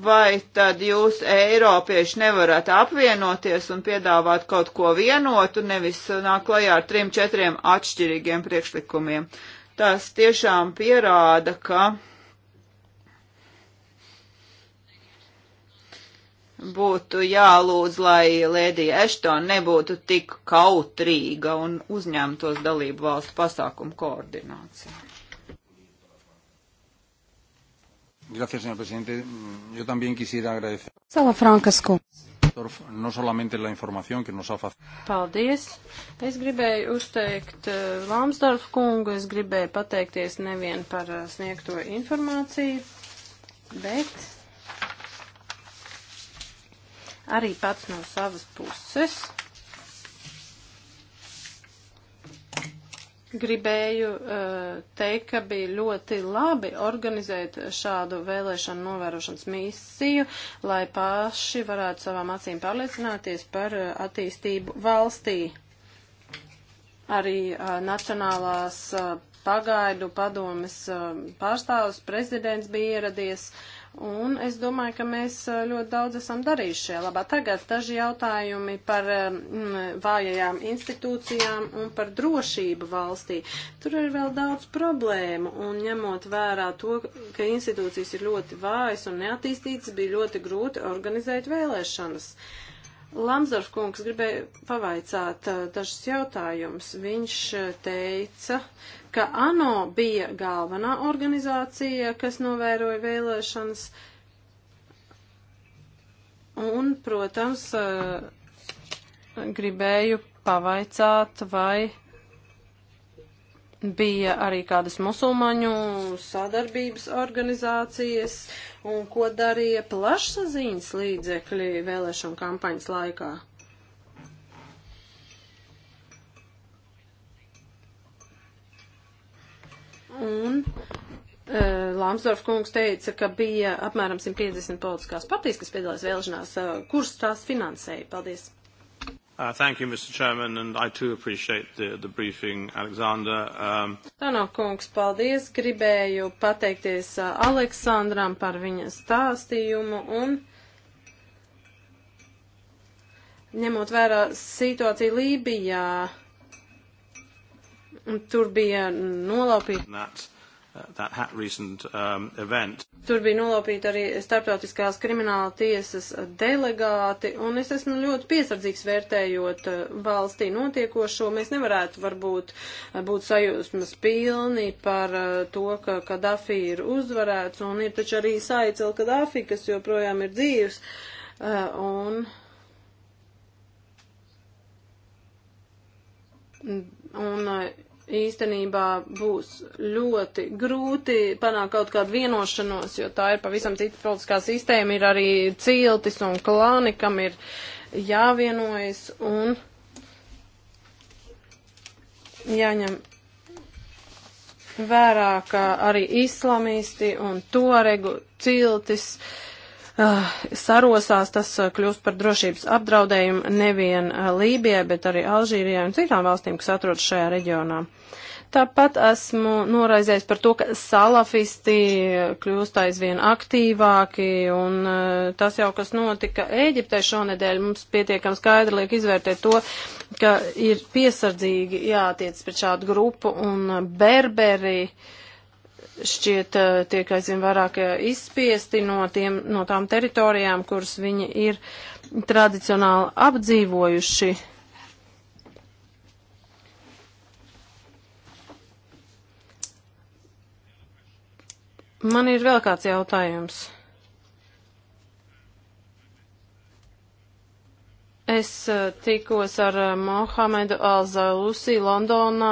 Vai tad jūs, Eiropieši, nevarat apvienoties un piedāvāt kaut ko vienotu, nevis nāk klajā ar trim, četriem atšķirīgiem priekšlikumiem? Tas tiešām pierāda, ka uh, būtu jālūdz, lai Lēdija Eštona nebūtu tik kautrīga un uzņemtos dalību valstu pasākumu koordināciju. Gracias, señor presidente. Yo también quisiera agradecer. Sala Frankasku. No solamente la información que nos ha facilitado. Paldies. Es gribēju uzteikt eh, Lamsdorf kungu, es gribēju pateikties nevien par eh, sniegto informāciju, bet arī pats no savas puses. Gribēju uh, teikt, ka bija ļoti labi organizēt šādu vēlēšanu novērošanas misiju, lai paši varētu savām acīm pārliecināties par uh, attīstību valstī. Arī uh, Nacionālās uh, pagaidu padomes uh, pārstāvs prezidents bija ieradies. Uh, Un es domāju, ka mēs ļoti daudz esam darījuši šajā labā. Tagad daži jautājumi par mm, vājajām institūcijām un par drošību valstī. Tur ir vēl daudz problēmu, un ņemot vērā to, ka institūcijas ir ļoti vājas un neattīstītas, bija ļoti grūti organizēt vēlēšanas. Uh, Lamsdorf kungs gribēja pavaicāt eh, dažus jautājumus. Viņš eh, teica, ka ANO bija galvenā organizācija, kas novēroja vēlēšanas. Un, protams, eh, gribēju pavaicāt, vai bija arī kādas musulmaņu sadarbības organizācijas un ko darīja plašsaziņas līdzekļi vēlēšanu kampaņas laikā. Un e, Lamsdorf kungs teica, ka bija apmēram 150 politiskās partijas, kas piedalās vēlēšanās. E, Kurš tās finansēja? Paldies! Uh, thank you, Mr. Chairman, and I too appreciate the, the briefing, Alexander. Um... Tano kungs, paldies. Gribēju pateikties uh, Aleksandram par viņa stāstījumu un ņemot vērā situāciju Lībijā, tur bija nolaupīta. Uh, that ha- recent um, event. Tur bija nolaupīti arī starptautiskās krimināla tiesas delegāti, un es esmu ļoti piesardzīgs vērtējot uh, valstī notiekošo. Mēs nevarētu varbūt uh, būt sajūsmas pilni par to, ka Kadafi ir uzvarēts, un ir taču arī Saicel Kadafi, kas joprojām ir dzīves. Un Un, un īstenībā būs ļoti grūti panākt kaut kādu vienošanos, jo tā ir pavisam cita politiskā sistēma, ir arī ciltis un klāni, kam ir jāvienojas un jāņem vērā, ka arī islamisti un toregu ciltis uh, Ah, sarosās, tas ah, kļūst par drošības apdraudējumu nevien ah, Lībijai, bet arī Alžīrijai un citām valstīm, kas atrodas šajā reģionā. Tāpat esmu noraizējis par to, ka salafisti eh, kļūst aizvien aktīvāki, un eh, tas jau, kas notika Ēģiptē šonedēļ, mums pietiekam skaidri liek izvērtēt to, ka ir piesardzīgi jātiec pret šādu grupu, un berberi uh, šķiet eh, tiek aizvien vairāk eh, izspiesti no, tiem, no tām teritorijām, kuras viņi ir tradicionāli apdzīvojuši. Man ir vēl kāds jautājums. Es eh, tikos ar eh, Mohamedu Alzalusi Londonā.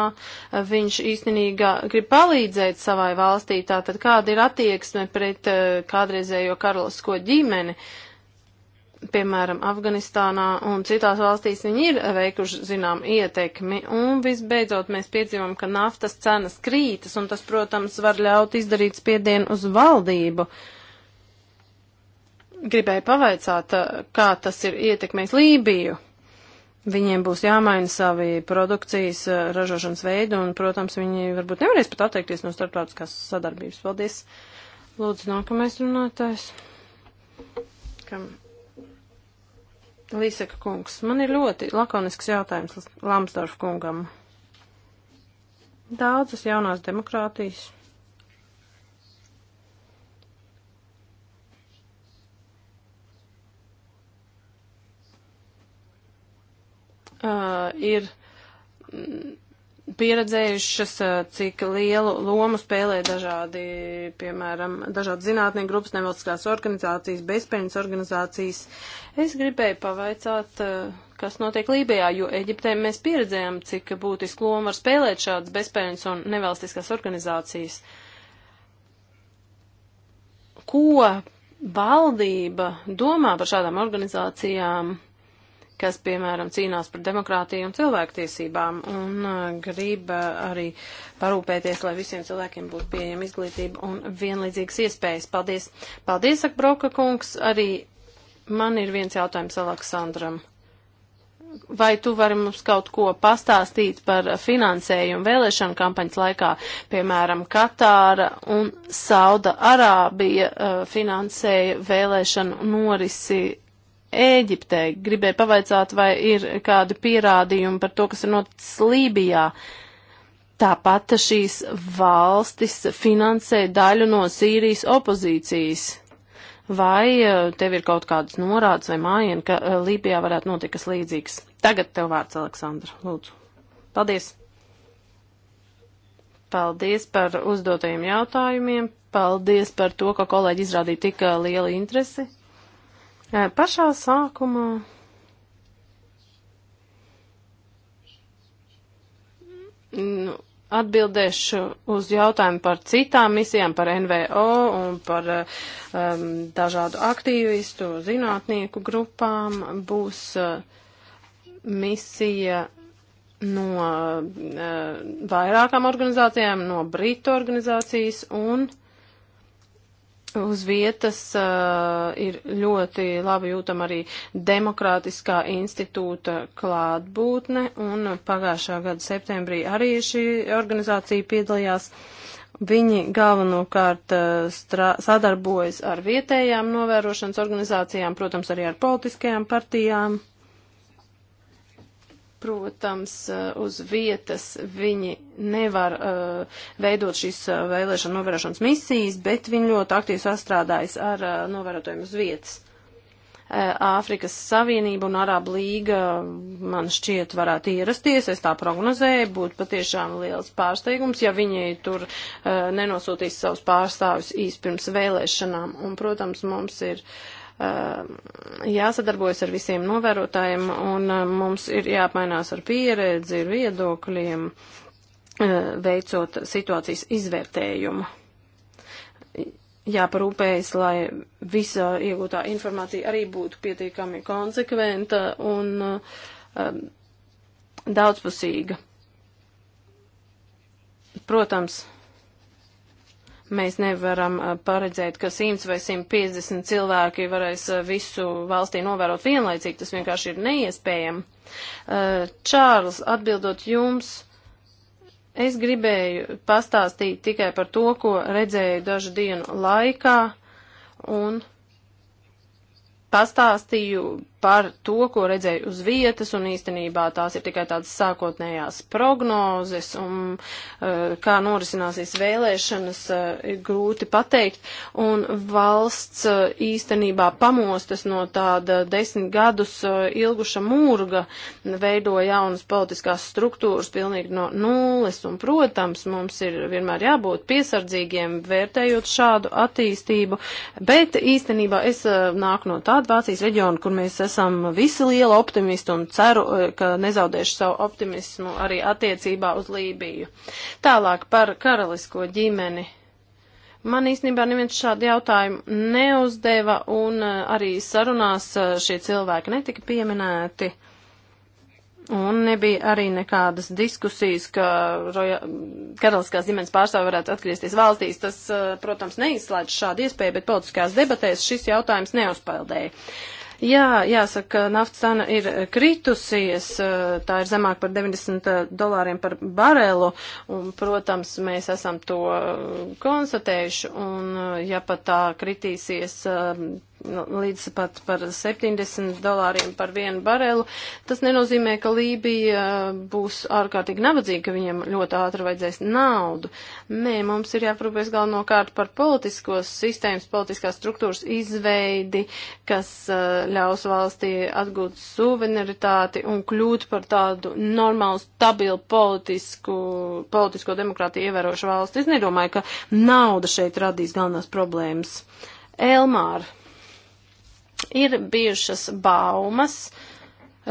Eh, viņš īstenībā grib palīdzēt savai valstī. Tātad kāda ir attieksme pret kādreizējo karalisko ģimeni? Piemēram, Afganistānā un citās valstīs viņi ir veikuši, zinām, ietekmi. Un visbeidzot mēs piedzīvam, ka naftas cenas krītas, un tas, protams, var ļaut izdarīt spiedienu uz valdību. Uh, gribēju pavaicāt, eh, kā tas ir ietekmējis Lībiju. Viņiem būs jāmaina savi produkcijas eh, ražošanas veidi, un, protams, viņi varbūt nevarēs pat atteikties no starptautiskās sadarbības. Paldies! Lūdzu, nākamais runātājs. Kam? Līseka kungs, man ir ļoti lakonisks jautājums Lamsdorf kungam. Daudzas jaunās demokrātijas uh, ir mm, pieredzējušas, uh, cik lielu lomu spēlē dažādi, piemēram, dažādi zinātnieki grupas, nevalstiskās organizācijas, bezpēļņas organizācijas. Es gribēju pavaicāt, uh, kas notiek Lībijā, jo Eģiptē mēs pieredzējām, cik būtisku lomu var spēlēt šādas bezpēļņas un nevalstiskās organizācijas. Ko valdība domā par šādām organizācijām? kas, piemēram, cīnās par demokrātiju un cilvēktiesībām un uh, grib uh, arī parūpēties, lai visiem cilvēkiem būtu pieejama izglītība un vienlīdzīgas iespējas. Paldies! Paldies, saka Broka kungs! Arī man ir viens jautājums Aleksandram. Vai tu vari mums kaut ko pastāstīt par finansējumu vēlēšanu kampaņas laikā, piemēram, Katāra un Sauda Arābija uh, finansēja vēlēšanu norisi Ēģiptē. Gribēju pavaicāt, vai ir kādi pierādījumi par to, kas ir noticis Lībijā. Tāpat šīs valstis finansē daļu no Sīrijas opozīcijas. Vai e, tev ir kaut kādas norādes vai mājiena, ka e, Lībijā varētu notikt kas līdzīgs? Tagad tev vārds, Aleksandra, lūdzu. Paldies! Paldies par uzdotajiem jautājumiem, paldies par to, ka kolēģi izrādīja tik e, lielu interesi. Pašā sākumā nu, atbildēšu uz jautājumu par citām misijām, par NVO un par um, dažādu aktīvistu, zinātnieku grupām. Būs uh, misija no uh, vairākām organizācijām, no Britu organizācijas un uh, uz vietas uh, ir ļoti labi jūtama arī demokrātiskā institūta klātbūtne, un pagājušā gada septembrī arī šī organizācija piedalījās. Viņi galvenokārt strā, sadarbojas ar vietējām novērošanas organizācijām, protams, arī ar politiskajām partijām. Protams, eh, uz vietas viņi nevar uh, veidot šīs uh, eh, vēlēšana novērošanas misijas, bet viņi ļoti aktīvi sastrādājas ar uh, novērotājiem uz vietas. Āfrikas Savienība un Arāba Līga mm, man šķiet varētu ierasties, es tā prognozēju, būtu patiešām liels pārsteigums, ja viņi tur uh, nenosūtīs savus pārstāvis īs pirms vēlēšanām. Un, protams, mums ir uh, Ehm, jāsadarbojas ar visiem novērotājiem un ehm, mums ir jāapmainās ar pieredzi, ar viedokļiem, ehm, veicot situācijas izvērtējumu. Jāparūpējas, lai visa iegūtā informācija arī būtu pietiekami konsekventa un daudzpusīga. Protams, Mēs nevaram uh, paredzēt, ka 100 vai 150 cilvēki varēs uh, visu valstī novērot vienlaicīgi. Tas vienkārši ir neiespējami. Uh, Čārls, atbildot jums, es gribēju pastāstīt tikai par to, ko redzēju dažu dienu laikā un pastāstīju par to, ko redzēju uz vietas, un īstenībā tās ir tikai tādas sākotnējās prognozes, un uh, kā norisināsies vēlēšanas, uh, ir grūti pateikt, un valsts uh, īstenībā pamostas no tāda desmit gadus ilguša mūrga, veido jaunas politiskās struktūras pilnīgi no nulles, un, protams, mums ir vienmēr jābūt piesardzīgiem, vērtējot šādu attīstību, bet īstenībā es nāku no tāda Vācijas reģiona, kur mēs esam esam visi lieli optimisti un ceru, eh, ka nezaudēšu savu optimismu arī attiecībā uz Lībiju. Tālāk par karalisko ģimeni. Man īstenībā neviens šādu jautājumu neuzdeva un eh, arī sarunās eh, šie cilvēki netika pieminēti. Un nebija arī nekādas diskusijas, ka roja, karaliskās ģimenes pārstāvi varētu atgriezties valstīs. Tas, protams, neizslēdz šādu iespēju, bet politiskās debatēs šis jautājums neuzpeldēja. Jā, jāsaka, naftas cena ir kritusies, tā ir zemāk par 90 dolāriem par barelu, un, protams, mēs esam to konstatējuši, un ja pat tā kritīsies Nu, līdz pat par 70 dolāriem par vienu barelu. Tas nenozīmē, ka Lībija uh, būs ārkārtīgi nabadzīga, ka viņiem ļoti ātri vajadzēs naudu. Nē, mums ir jāprūpēs galvenokārt par politiskos sistēmas, politiskās struktūras izveidi, kas uh, ļaus valstī atgūt suverenitāti un kļūt par tādu normālu, stabilu politisku, politisko demokrātiju ievērošu valsti. Es nedomāju, ka nauda šeit radīs galvenās problēmas. Elmāra ir bijušas baumas,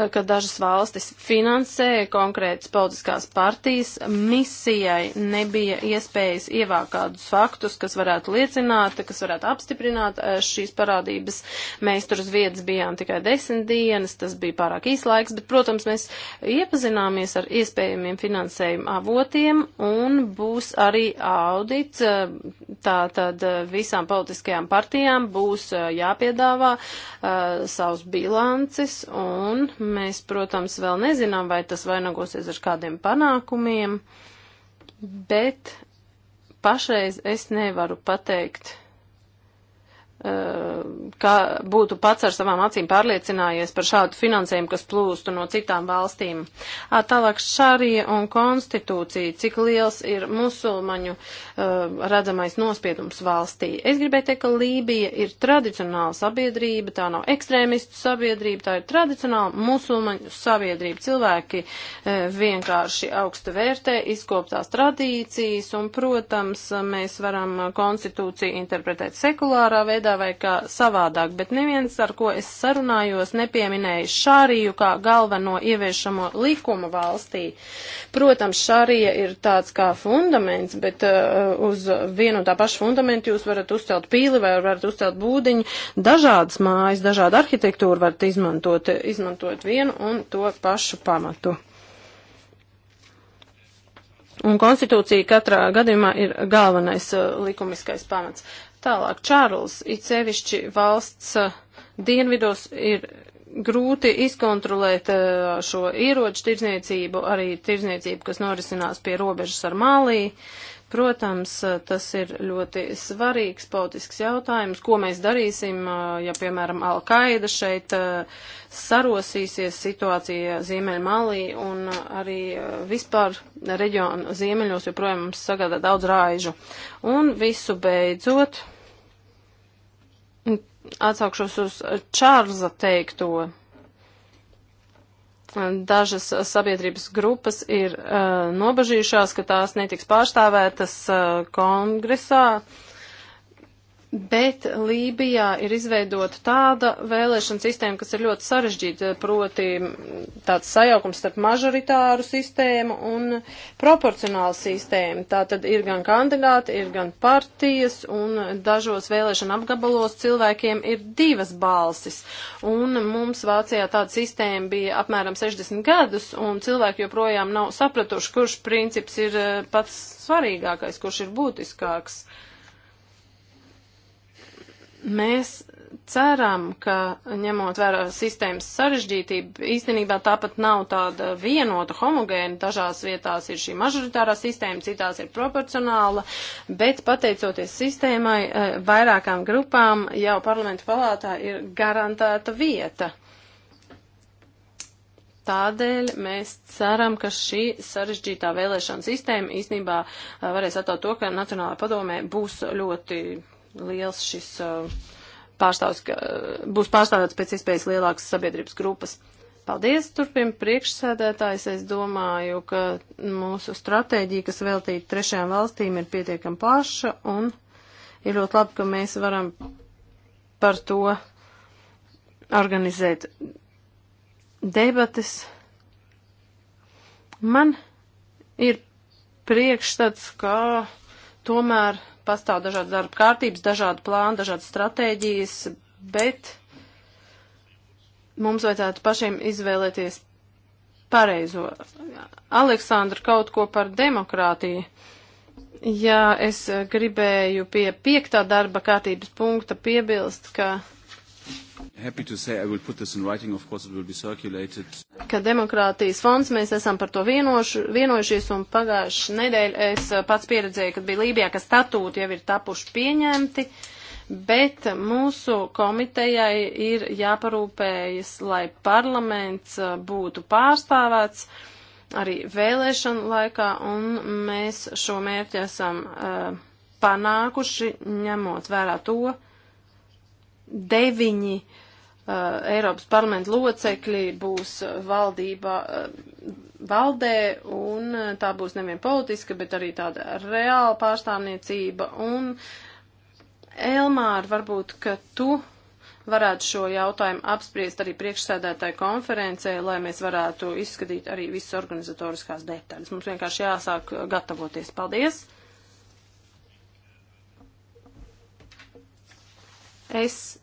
ka dažas valstis finansēja konkrētas politiskās partijas. Misijai nebija iespējas ievākt kādus faktus, kas varētu liecināt, kas varētu apstiprināt eh, šīs parādības. Mēs tur uz vietas bijām tikai desmit dienas, tas bija pārāk īs laiks, bet, protams, mēs iepazināmies ar iespējamiem finansējuma avotiem un būs arī audits. Eh, Tātad eh, visām politiskajām partijām būs jāpiedāvā uh, savus bilances un Mēs, protams, vēl nezinām, vai tas vainagosies ar kādiem panākumiem, bet pašreiz es nevaru pateikt ka būtu pats ar savām acīm pārliecinājies par šādu finansējumu, kas plūstu no citām valstīm. À, tālāk šārija un konstitūcija, cik liels ir musulmaņu uh, redzamais nospiedums valstī. Es gribēju teikt, ka Lībija ir tradicionāla sabiedrība, tā nav ekstrēmistu sabiedrība, tā ir tradicionāla musulmaņu sabiedrība. Cilvēki uh, vienkārši augsta vērtē izkoptās tradīcijas un, protams, mēs varam konstitūciju interpretēt sekulārā veidā, veidā vai kā savādāk, bet neviens, ar ko es sarunājos, nepieminēja šāriju kā galveno ieviešamo likumu valstī. Protams, šārija ir tāds kā fundaments, bet uh, uz vienu un tā pašu fundamentu jūs varat uzcelt pīli vai varat uzcelt būdiņu, dažādas mājas, dažādu arhitektūru varat izmantot, izmantot vienu un to pašu pamatu. Un konstitūcija katrā gadījumā ir galvenais uh, likumiskais pamats. Tālāk, Čārls, it sevišķi valsts eh, dienvidos ir grūti izkontrolēt eh, šo ieroču tirdzniecību, arī tirdzniecību, kas norisinās pie robežas ar Mālī. Protams, eh, tas ir ļoti svarīgs politisks jautājums, ko mēs darīsim, eh, ja, piemēram, Al-Qaida šeit eh, sarosīsies situācija Ziemeļmalī un arī vispār reģionu Ziemeļos joprojām mums sagādā daudz rāžu. Un visu beidzot, atsaukšos uz Čārza teikto dažas sabiedrības grupas ir uh, eh, nobažījušās, ka tās netiks pārstāvētas uh, kongresā. Uh, Bet Lībijā ir izveidota tāda vēlēšana sistēma, kas ir ļoti sarežģīta, proti tāds sajaukums starp mažoritāru sistēmu un proporcionālu sistēmu. Tā tad ir gan kandidāti, ir gan partijas, un dažos vēlēšana apgabalos cilvēkiem ir divas balsis. Un mums Vācijā tāda sistēma bija apmēram 60 gadus, un cilvēki joprojām nav sapratuši, kurš princips ir eh, pats svarīgākais, kurš ir būtiskāks. Uh, Mēs ceram, ka ņemot vērā sistēmas sarežģītību, īstenībā tāpat nav tāda vienota homogēna. Dažās vietās ir šī mažoritārā sistēma, citās ir proporcionāla, bet pateicoties sistēmai, eh, vairākām grupām jau parlamentu palātā ir garantēta vieta. Tādēļ mēs ceram, ka šī sarežģītā vēlēšana sistēma īstenībā eh, varēs atstāt to, ka Nacionālajā padomē būs ļoti liels šis uh, pārstāvs, uh, būs pārstāvēts pēc iespējas lielākas sabiedrības grupas. Paldies, turpina priekšsēdētājs. Es domāju, ka mūsu stratēģija, kas veltīta trešajām valstīm, ir pietiekam plaša un ir ļoti labi, ka mēs varam par to organizēt debates. Man ir priekšstats, ka tomēr pastāv dažādas darba kārtības, dažādi plāni, dažādas stratēģijas, bet mums vajadzētu pašiem izvēlēties pareizo. Aleksandra kaut ko par demokrātiju. Jā, es gribēju pie piektā darba kārtības punkta piebilst, ka Say, writing, course, ka demokrātijas fonds mēs esam par to vienošu, vienojušies un pagājuši nedēļu es eh, pats pieredzēju, kad bija Lībijā, ka statūti jau ir tapuši pieņemti, bet mūsu komitejai ir jāparūpējas, lai parlaments eh, būtu pārstāvēts arī vēlēšanu laikā un mēs šo mērķi esam uh, panākuši, ņemot vērā to, deviņi uh, Eiropas parlamenta locekļi būs uh, valdībā, uh, valdē, un uh, tā būs nevien politiska, bet arī tāda reāla pārstāvniecība. Un, Elmār, varbūt, ka tu varētu šo jautājumu apspriest arī priekšsēdētāju konferencē, lai mēs varētu izskatīt arī visas organizatoriskās detaļas. Mums vienkārši jāsāk gatavoties. Paldies! Es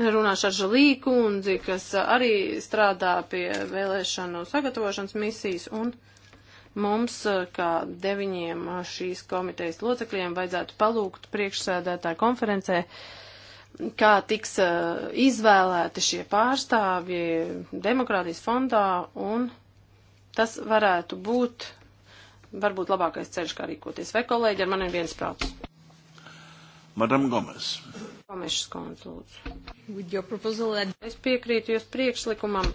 runāšu ar Žalī kundzi, kas arī strādā pie vēlēšanu sagatavošanas misijas, un mums, kā deviņiem šīs komitejas locekļiem, vajadzētu palūgt priekšsēdētāju konferencē, kā tiks eh, izvēlēti šie pārstāvji demokrātijas fondā, un tas varētu būt varbūt labākais ceļš, kā rīkoties. Vai kolēģi ar mani ir viensprāts? Madam Gomes. Gomešas kundze, lūdzu. Es piekrītu jūs priekšlikumam.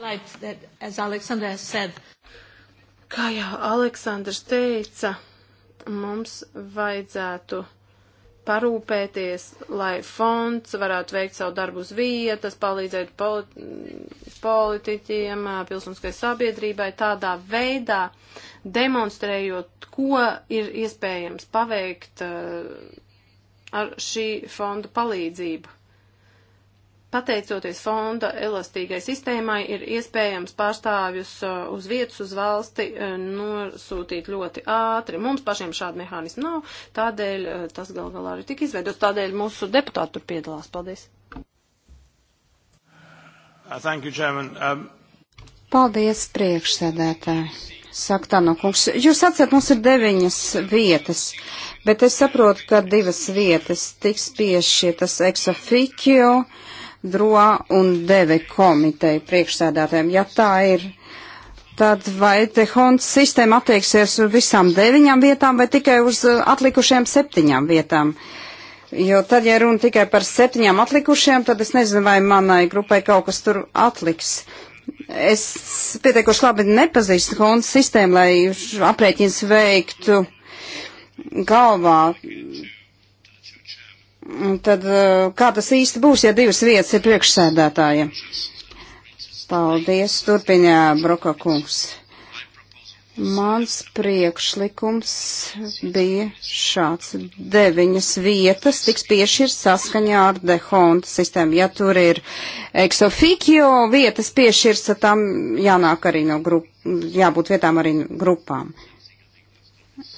Kā jau Aleksandrs teica, mums vajadzētu parūpēties, lai fonds varētu veikt savu darbu uz vietas, palīdzēt politiķiem, pilsoniskai sabiedrībai, tādā veidā demonstrējot, ko ir iespējams paveikt uh, ar šī fonda palīdzību. Pateicoties fonda elastīgai sistēmai, ir iespējams pārstāvjus uh, uz vietas, uz valsti uh, nosūtīt ļoti ātri. Mums pašiem šāda mehānisma nav, tādēļ uh, tas gal galā arī tika izveidots, tādēļ mūsu deputāti tur piedalās. Paldies! Thank you, Chairman. Um... Paldies, priekšsēdētāji! Saka tā no kungs, jūs atsat, mums ir deviņas vietas, bet es saprotu, ka divas vietas tiks piešķirtas eksofikio, droā un deve komiteju priekšsēdātājiem. Ja tā ir, tad vai tehons sistēma attieksies uz visām deviņām vietām vai tikai uz uh, atlikušajām septiņām vietām? Jo tad, ja runa tikai par septiņām atlikušajām, tad es nezinu, vai manai grupai kaut kas tur atliks. Es pietiekoši labi nepazīstu konta sistēmu, lai aprēķins veiktu galvā. Tad eh, kā tas īsti būs, ja divas vietas ir priekšsēdētājiem? Paldies, turpina Broka kungs. Mans priekšlikums bija šāds. Deviņas vietas tiks piešķirts saskaņā ar dehontu sistēmu. Ja tur ir eksofikio vietas piešķirts, tad tam jānāk arī no grup, jābūt vietām arī grupām.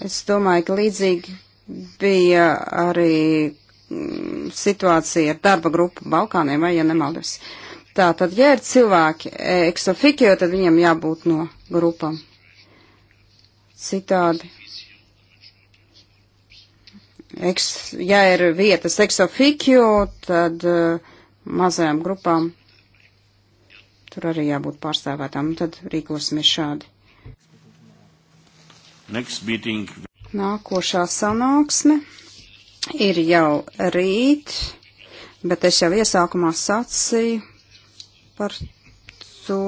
Es domāju, ka līdzīgi bija arī mm, situācija ar darba grupu Balkāniem, vai ja nemaldos. Tātad, ja ir cilvēki eksofikio, tad viņiem jābūt no grupām. Citādi. Eks, ja ir vietas eksofikju, tad uh, mazajām grupām tur arī jābūt pārstāvētām. Tad rīkosimies šādi. Nākošā sanāksme ir jau rīt, bet es jau iesākumā sacīju par to,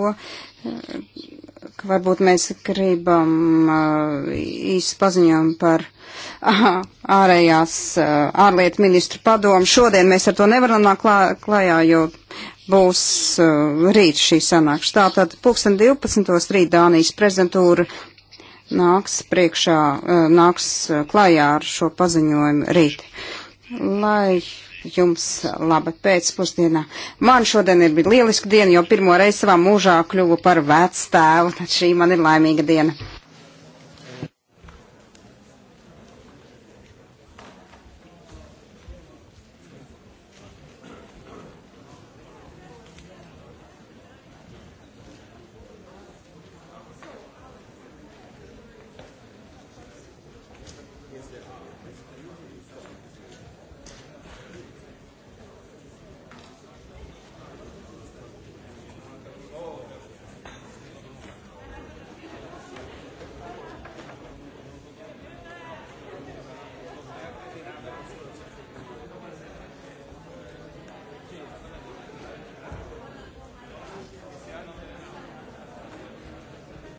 ka varbūt mēs gribam uh, īsu paziņojumu par ārējās, ārlietu ministru padomu. Šodien mēs ar to nevaram nākt klā, klājā, jo būs rīt šī sanākšana. Tātad pulksten 12. rīt Dānijas prezidentūra nāks priekšā, nāks klājā ar šo paziņojumu rīt. Lai jums laba pēcpusdienā. Man šodien ir bija lieliska diena, jo pirmo reizi savā mūžā kļuvu par vectēvu, tad šī man ir laimīga diena.